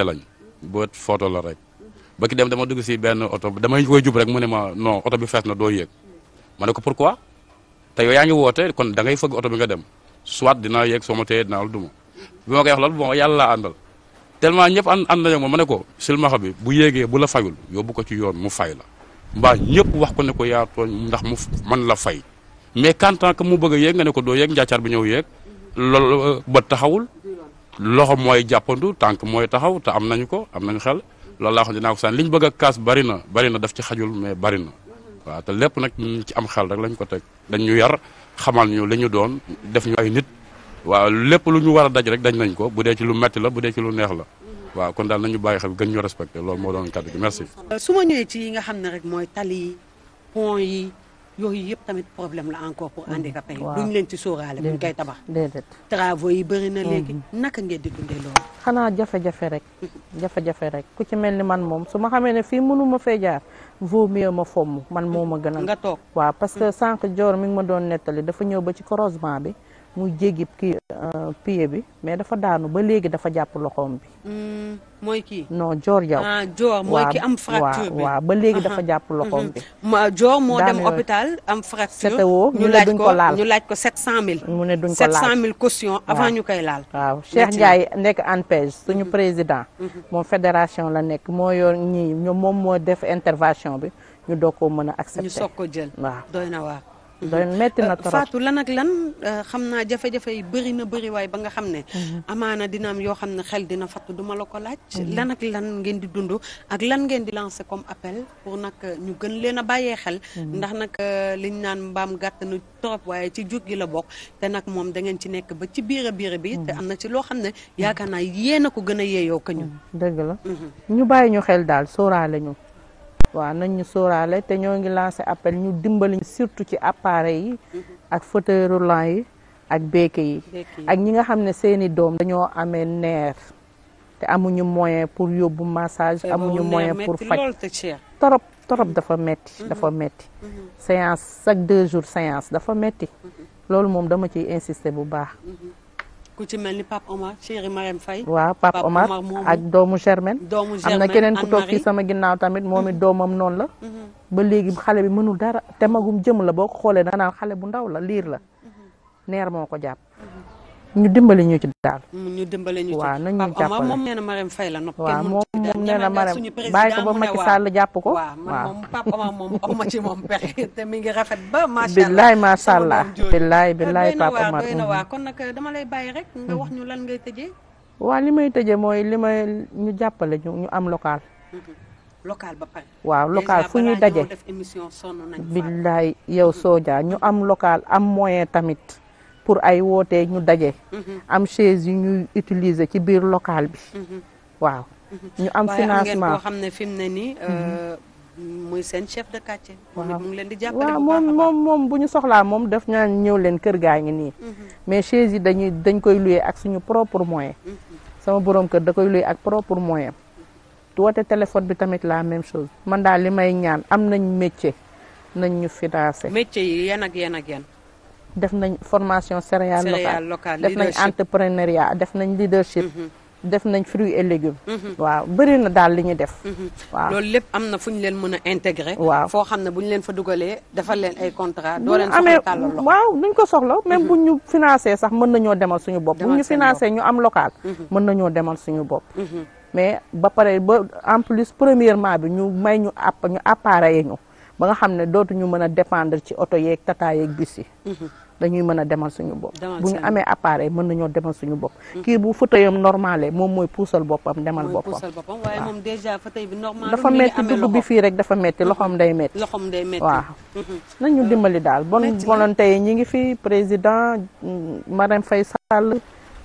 Speaker 10: lañ. bët photo la rek ba ki dem dama dugg si benn oto damay koy jub rek mu ne ma non oto bi fees na doo yëg ma ne ko pourquoi te yow yaa ngi woote kon da ngay fëgg oto bi nga dem soit dinaa yéeg soo ma téyee dina la duma bi ma koy wax loolu bon yàlla laa àndal tellement ñëpp ànd ànd nañu ma ne ko silmaxa bi bu yéegee bu la fayul yóbbu ko ci yoon mu fay la mbaa ñëpp wax ko ne ko yaa tooñ ndax mu man la fay mais quand tant que mu bëgg a nga ne ko doo yéeg njaacaar bi ñëw yéeg loolu euh, bët taxawul loxo mooy jàppandu tànk mooy taxaw te am nañu ko am nañu xel loolu laa xam dinaa ko sànni li ñu bëgg a kaas bari na bari na daf ci xajul mais bari na te lépp nag ci am xel rek lañ ko teg dañ ñu yar xamal ñu li ñu doon def ñu ay nit waa lépp lu ñu war a daj rek dañ nañ ko bu dee ci lu metti la bu dee ci lu neex la waa kon daal nañu bàyyi xel gën ñu respecté loolu moo doon kàddu gi merci.
Speaker 1: su ma ñëwee ci yi nga xam ne rek mooy tali pont yi. yooyu yëpp tamit problème la encore pour mm. handicapés yi duñ leen ci sóoraale buñ koy tabax déedéet travaux yi bëri na léegi mm-hmm. naka ngeen di dundee loolu
Speaker 2: xanaa jafe-jafe rek mm-hmm. jafe-jafe rek ku ci mel ni man moom su ma xamee ne fii mënuma fee jaar vaut mieux ma fomm man moo ma gënal nga toog waaw parce que mm. sànq joor mi ngi ma doon nettali dafa ñëw ba ci croisement bi mu jéggi kii euh, pied bi mais dafa daanu ba léegi dafa jàpp loxoom bi.
Speaker 1: Hmm, mooy kii
Speaker 2: non joor jaw ah joor mooy ki am fracture bi waaw ba léegi dafa jàpp loxoom bi. Hmm,
Speaker 1: ma joor moo dem hôpital am fracture. ñu laaj ko ñu laaj ko 700000. mu ne duñ ko laal 700000 caution avant ñu koy laal. waaw Cheikh
Speaker 2: nekk ANPEJ suñu mhm. président. Mhm. moom fédération la nekk moo yor ñii moom moo def intervention bi ñu doog ko mën a. accepté
Speaker 1: waaw
Speaker 2: doy metti na trop Fatou
Speaker 1: lan ak lan euh, xam naa jafe-jafe yi bëri na bëri waay ba nga xam ne. Mhm. amaana dina am yoo xam ne xel dina fattu duma la ko laaj. Mhm. lan ak lan ngeen di dund ak lan ngeen di lancer comme appel pour nag euh, ñu gën leen a bàyyee xel. Mhm. ndax nag euh, liñ naan mbaam gàtt na trop waaye ci jur gi la bokk te nag moom da ngeen ci nekk ba ci biir a bi. te am na ci loo xam ne yaakaar naa yéen a ko gën a yeeyoo ka ñu.
Speaker 2: la ñu bàyyi ñu xel daal sóoraale ñu. waaw nañ ñu sóoraale te ñoo ngi lancé appel ñu dimbali surtout ci appareil yi ak fauteuil lan yi ak béke yi ak ñi nga xam ne seeni doom dañoo amee neer te amuñu moyen pour yóbbu massage amuñu moyen pour faj torop torop dafa metti mhm. dafa metti mhm. séance chaque deux jours séance dafa metti mhm. loolu moom dama ciy insister bu baax
Speaker 1: ku ci mel ni Pape Omar chéri Marème Faye. waaw Pape Omar ak doomu Germaine. doomu Germaine am na keneen ku toog fii sama
Speaker 2: ginnaaw tamit moom it mm-hmm. doomam noonu la. Mm-hmm. ba léegi xale bi mënul dara te magum jëm la boo ko xoolee da xale bu ndaw la liir la. Mm-hmm. neer moo ko jàpp. ñu dimbali ñu ci daal. ñu
Speaker 1: dimbali ñu ci waaw nañ ñu jàppale moom nee na Marème Faye la nopp. kenn mënu ci daal nee bàyyi ko ba Macky Sall jàpp ko. waaw man moom moom awma ci moom pexe mi ngi rafet ba macha allah. billaay
Speaker 2: macha allah billaay billaay ah, na waa mm-hmm.
Speaker 1: kon nag dama lay bàyyi rek. Mm-hmm. wax ñu lan ngay tëjee.
Speaker 2: waaw li may tëjee mooy li may ñu jàppale ñu ñu am local.
Speaker 1: Mm-hmm. local ba waaw local
Speaker 2: fu ñuy daje. billaay yow Sodia ñu am local am moyen tamit. pour ay wootee ñu daje. Mhm. am chaise yu ñuy utiliser ci biir local bi. Mhm. waaw
Speaker 1: mhm. ñu am financement xam ne fi mu ne nii. Euh, muy seen chef de quartier. waaw leen di jàppale waaw
Speaker 2: moom moom bu ñu soxlaa moom def ñaan ñëw leen kër gaa ngi nii. mais chaise yi dañuy dañ koy louer ak suñu propre moyen. sama borom kër da koy louer ak propre moyen. woote téléphone bi tamit la même chose man daal li may ñaan am nañ métier nañ ñu financé.
Speaker 1: métier yi yan ak yan ak yan.
Speaker 2: def nañ formation céréales locales locale def nañ entrepreneuriat def nañ leadership mhm. def nañ fruits et légumes. Mhm. waaw bëri na daal li ñu def. Mhm. waaw loolu
Speaker 1: lépp am na fu ñu leen mën a intégré. waaw foo xam ne bu ñu leen fa dugalee defal leen ay contrat doo leen amee
Speaker 2: tàllal waaw duñ ko soxla même bu ñu financé sax mën nañoo demal suñu bopp. bu ñu financé ñu am local. mën nañoo demal suñu bopp. mais ba pare ba en plus premièrement bi ñu may ñu app ñu appareillé ñu ba nga xam ne dootuñu mën a dépendre ci oto yeeg tata yeeg bis dañuy mën a demal suñu bopp bu ñu amee appareil mën nañoo demal suñu bopp mm-hmm. kii bu fauteuilam normalé moom mooy puusal boppam demal boppam
Speaker 1: dafa metti dugg bi fii
Speaker 2: rek dafa mm-hmm. metti loxoom day metti waaw mm-hmm. nañu dimbali daal bon volonté yi ñi ngi fi président mm, Marème Faye Sall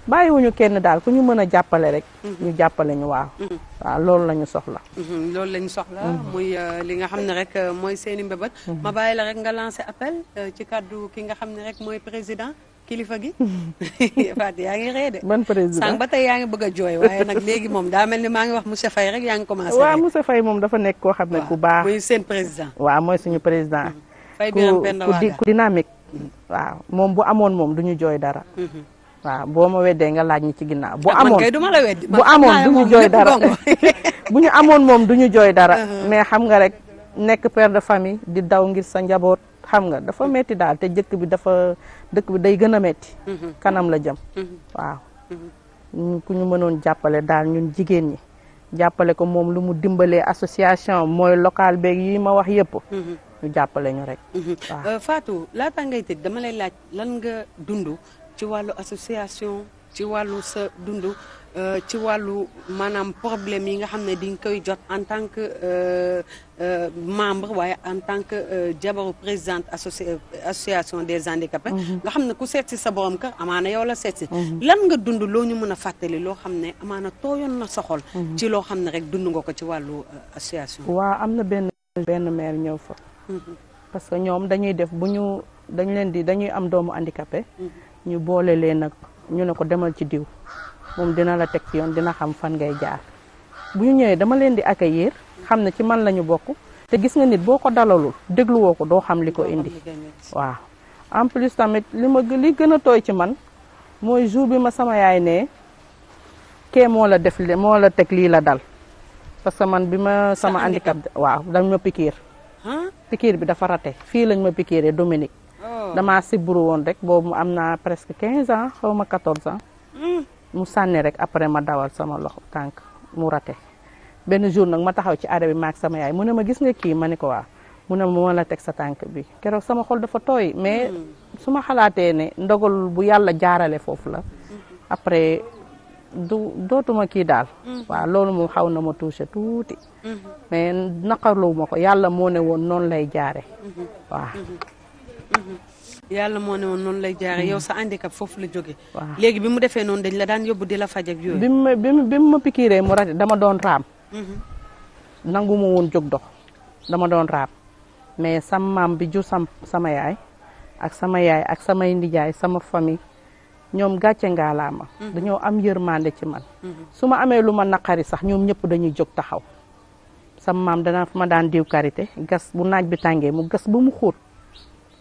Speaker 2: bàyyiwuñu kenn daal ku ñu mën a jàppale rek. Mhm. ñu jàppale ñu waaw. Mhm. waaw loolu la ñu soxla.
Speaker 1: Mhm, loolu la soxla. muy euh, li nga xam ne rek euh, mooy seeni mbébét. ma bàyyi la rek nga lancé appel euh, ci kàddu ki nga xam ne rek mooy président. kilifa gi Fatou yaa ngi ree de. ban président sànq yaa ngi bëgg jooy nag léegi moom daa mel ni maa ngi wax monsieur Faye rek yaa ngi commencé. waaw
Speaker 2: monsieur Faye moom dafa nekk koo xam ne ku baax. muy seen président. waa mooy suñu président.
Speaker 6: Faye ku ku
Speaker 2: dynamique. waaw moom bu amoon moom du ñu jooy dara. waaw boo ma weddee nga laaj ñi ci ginnaaw bu ah, amoon bu amoon du ñu jooy dara bu ñu amoon moom du ñu jooy dara uh-huh. mais xam nga rek nekk per de famille di daw ngir sa njaboot xam nga dafa metti daal te jëkk bi dafa dëkk bi day gën a metti uh-huh. kanam la jëm
Speaker 6: uh-huh.
Speaker 2: waaw ku ñu mënoon jàppale daal ñun jigéen ñi jàppale ko moom lu mu dimbalee association mooy local beeg yi ma wax yëpp ñu jàppale ñu rek
Speaker 1: waaw uh, Fatou laata ngay tëj dama lay laaj lan nga dundu ci wàllu association ci wàllu sa dund euh, ci wàllu maanaam problème yi nga xam ne di nga koy jot en tant que euh, euh, membre waaye en tant que jabaru présidente association des handicapés mhm. nga xam ne ku seet si sa borom kër amaana na la seet mhm. lan nga dund loo ñu mën a fàttali loo xam ne amaana tooyoon na soxol mhm. ci loo xam ne rek dund nga ko ci wàllu association waa
Speaker 2: am na benn benn maire ñëw fa parce que ñoom dañuy def bu ñu dañ leen di dañuy am doomu handicapé ñu boole leen nag ñu ne ko demal ci diw moom dina la teg ci yoon dina xam fan ngay jaar bu ñu ñëwee dama leen di accueillir xam ne ci man la ñu bokk te gis nga nit boo ko dalalul dégluwoo ko doo xam li ko indi waaw en plus tamit li ma li gën a tooy ci man mooy jour bi ma sama yaay ne kee moo la def moo la teg lii la dal parce que man bi ma sama handicap waaw dañ ma pikiir pikiir bi dafa rate fii lañ ma pikiiree Dominique Oh. damaa sibbiru woon rek boobu am naa presque quinze ans xaw ma quatorze ans. Hmm. mu sànni rek après ma dawal sama lox tànk mu raté. benn jour nag ma taxaw ci aada bi maak sama yaay mu ne ma gis nga kii ma ne ko waaw mu ne ma la teg sa tànk bi keroog sama xol dafa tooy mais hmm. su ma xalaatee ne ndogal bu yàlla jaarale foofu la hmm. après dootuma kii daal waaw loolu moom xaw na ma touché tuuti mais naqarlu ma ko yàlla moo ne woon noonu lay jaare waaw
Speaker 6: Mm-hmm.
Speaker 1: yàlla moo ne woon noonu lay jaare mm-hmm. yow sa handicap foofu la jóge waaw léegi bi mu defee noonu dañ la daan yóbbu di la faj ak yooyu. bi
Speaker 2: mu ma bi mu ma pikiiree mu rati dama doon raam. Mm-hmm. nangu ma woon jog dox dama doon raam mais sam maam bi jur sam sama yaay ak sama yaay ak samay ndijaay sama famille ñoom gàcce ngaalaama. dañoo am yërmande ci man. su ma amee lu ma naqari sax ñoom ñëpp dañuy jóg taxaw. sama maam dana ma daan diw karité gas bu naaj bi tàngee mu gas ba mu xóot.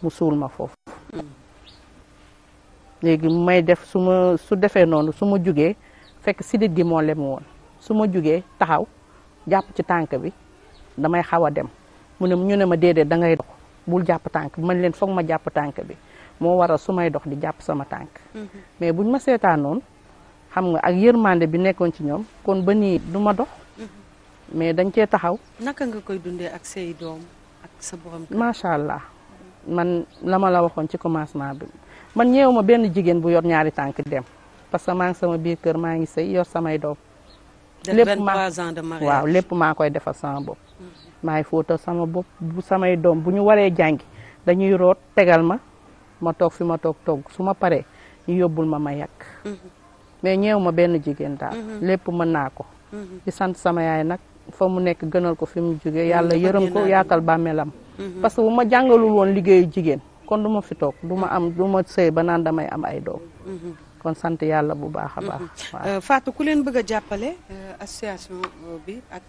Speaker 2: mu suul ma foofu léegi may def su ma su defee noonu su ma jugee fekk sidit gi moo lem woon su ma jugee taxaw jàpp ci tànk bi damay xaw a dem mu ne ñu ne ma déedéet da ngay dox bul jàpp tànk man leen foog ma jàpp tànk bi moo waral su may dox di jàpp sama tànk mm-hmm. mais buñ ma seetaanoon xam nga ak yërmande bi nekkoon ci ñoom kon ba nii du ma dox mm-hmm. mais dañ cee taxaw
Speaker 1: naka nga koy dundee ak say doom ak sa borom
Speaker 2: macha allah man la ma la waxoon ci commencement bi man ñëw ma benn jigéen bu yor ñaari tànk dem parce que maa ngi sama biir kër maa ngi sëy yor samay doom.
Speaker 1: lépp maa waaw
Speaker 2: lépp maa koy defal sama bopp. maay fóotal sama bopp bu samay doom bu ñu waree jàngi dañuy root tegal ma ma toog fi ma toog togg su ma paree ñu yóbbul ma ma yàq. Mm-hmm. mais ñëw ma benn jigéen daal. Mm-hmm. lépp mën naa ko.
Speaker 10: Mm-hmm. di
Speaker 2: sant sama yaay nag fa mu nekk gënal ko fi mu jógee yàlla yërëm ko yaatal bàmmeelam Mhm. parce que bu ma jàngalul woon liggéeyu jigéen kon du ma fi toog du ma am du ma banaan damay am ay doom. Mhm. kon sant yàlla bu baax a baax. Mhm.
Speaker 1: Euh, Fatou ku leen bëgg a jàppale euh, association euh, bi ak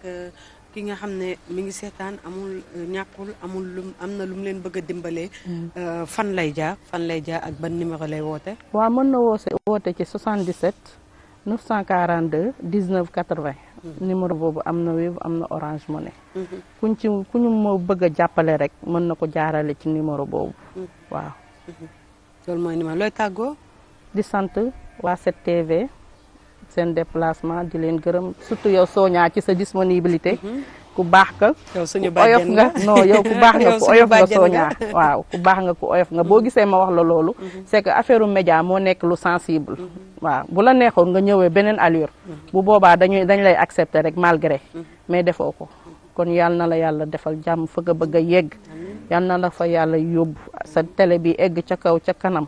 Speaker 1: ki nga xam ne mu ngi seetaan amul ñàkkul amul lum am na lum leen bëgg a dimbalee. fan lay jaar fan lay jaar ak ban numéro lay woote.
Speaker 2: waa mën na woo woote woote ci 77 942 19 vingt numéro boobu am na Wave am na Orange Money. Mm-hmm. kuñ ci ku ñu ma bëgg a jàppale rek mën na ko jaarale ci numéro boobu. Mm-hmm. waaw.
Speaker 6: Mm-hmm.
Speaker 1: loolu mooy ma looy tàggoo.
Speaker 2: di sant waa 7TV seen déplacement di leen gërëm surtout yow Sonia ci sa disponibilité. ku baax ka
Speaker 1: yow suñu oyof nga yow ku
Speaker 2: baax nga ku oyof nga waaw ku baax oyof nga boo gisee ma wax la loolu mm-hmm. c'est que affaire u média moo nekk lu sensible mm-hmm. waaw bu la neexoon nga ñëwee beneen allure mm-hmm. bu boobaa dañuy dañ lay accepter rek malgré mais defoo ko kon yal na la yàlla defal jàmm fa nga bëgg a yegg yal na la fa yàlla yóbbu sa télé bi egg ca kaw ca kanam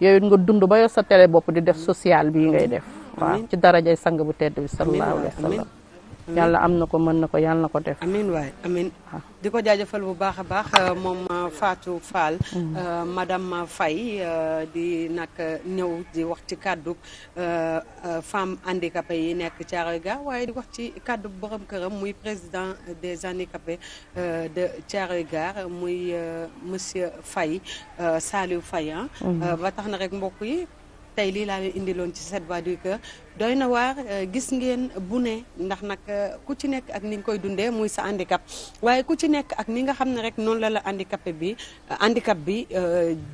Speaker 2: yooyu nga dund ba yor sa télé bopp di def social bii ngay def waa ci darajay sang bu tedd bi sallallahu alayhi yàlla am na ko mën na ko yàlla na ko def amin waay
Speaker 1: amin ah. di ko jaajëfal bu baax a baax euh, moom euh, faatu Fall mm. euh, madame Faye di nag ñëw di wax ci kàddu femme handicapée yi nekk Thiaroye Gare waaye di wax ci kàddu borom këram muy président des handicapés de Thiaroye gar muy monsieur Faye Saliou Faye mm-hmm. ba tax na rek mbokk yi tey lii laa leen indiloon ci 7 voix du doy na waar euh, gis ngeen bu ne ndax nag euh, ku ci nekk ak ni nga koy dundee muy sa handicap waaye ku ci nekk ak ni nga xam ne rek noonu lala la bi euh, handicap bi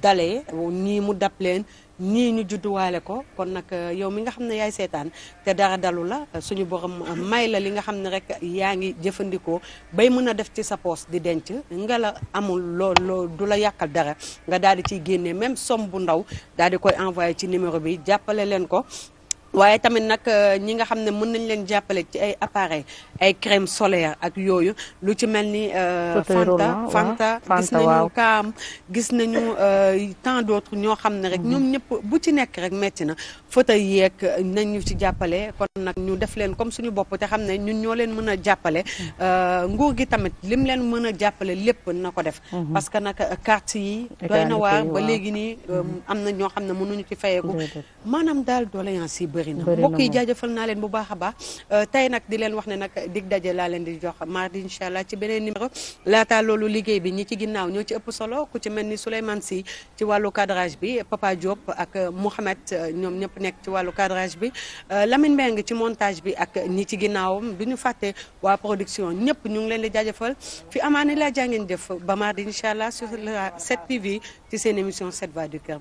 Speaker 1: dalee nii mu dab leen ñii ñu judduwaale ko kon nag euh, yow mi nga xam ne yaay seetaan te dara dalu la euh, suñu borom euh, may la li nga xam ne rek yaa ngi jëfandikoo bay mën a def ci sa poos di denc nga la amul loo loo du la yàqal dara nga daal di ciy génnee même somme bu ndaw daal di koy envoyé ci numéro bi jàppale leen ko waaye tamit nag euh, ñi nga xam ne mën nañ leen jàppale ci ay appareil ay crème solaire ak yooyu lu ci mel ni euh, Fanta Fanta gis nañu kaam gis nañu euh, tant d'autres ñoo xam ne rek mhm. ñoom ñëpp bu ci nekk rek metti na fauteuil yeeg nañ ñu ci jàppale kon nag ñu def leen comme suñu bopp te xam ne ñun ñoo leen mën a jàppale mhm. nguur gi tamit lim leen mën a jàppale lépp na ko def mhm. parce que nag carte yi doy na waar ba léegi nii am na ñoo xam ne mënuñu ci fayeeku maanaam daal doléance bëri na naa leen bu baax a baax euh, tey nag di leen wax ne nag dig daje laa leen di jox mardi incha allah ci beneen numéro laataa loolu liggéey bi ñi ci ginnaaw ñoo ci ëpp solo ku ci mel ni Souleymane si ci wàllu cadrage bi Papa Diop ak euh, Mouhamed euh, ñoom ñëpp nekk ci wàllu cadrage bi Lamine Mbengue ci montage bi ak ñi ci ginnaawam du ñu fàtte waa production ñëpp ñu ngi leen di jaajëfal fi amaani laa jàngeen jëf ba mardi incha allah sur la 7 TV ci seen émission 7 voix du cœur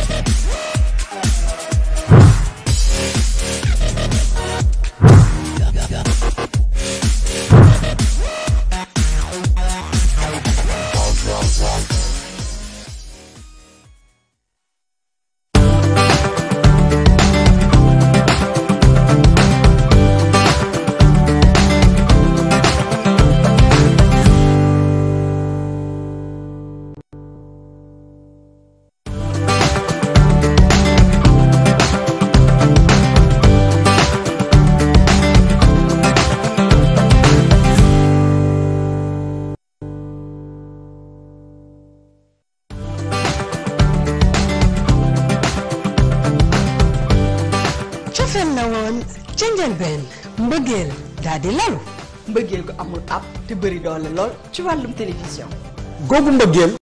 Speaker 6: njëlbeen mbëggeel daal di lalu. mbëggeel gu amul ab te bëri doole lool ci wàllum télévision. googu mbëggeel.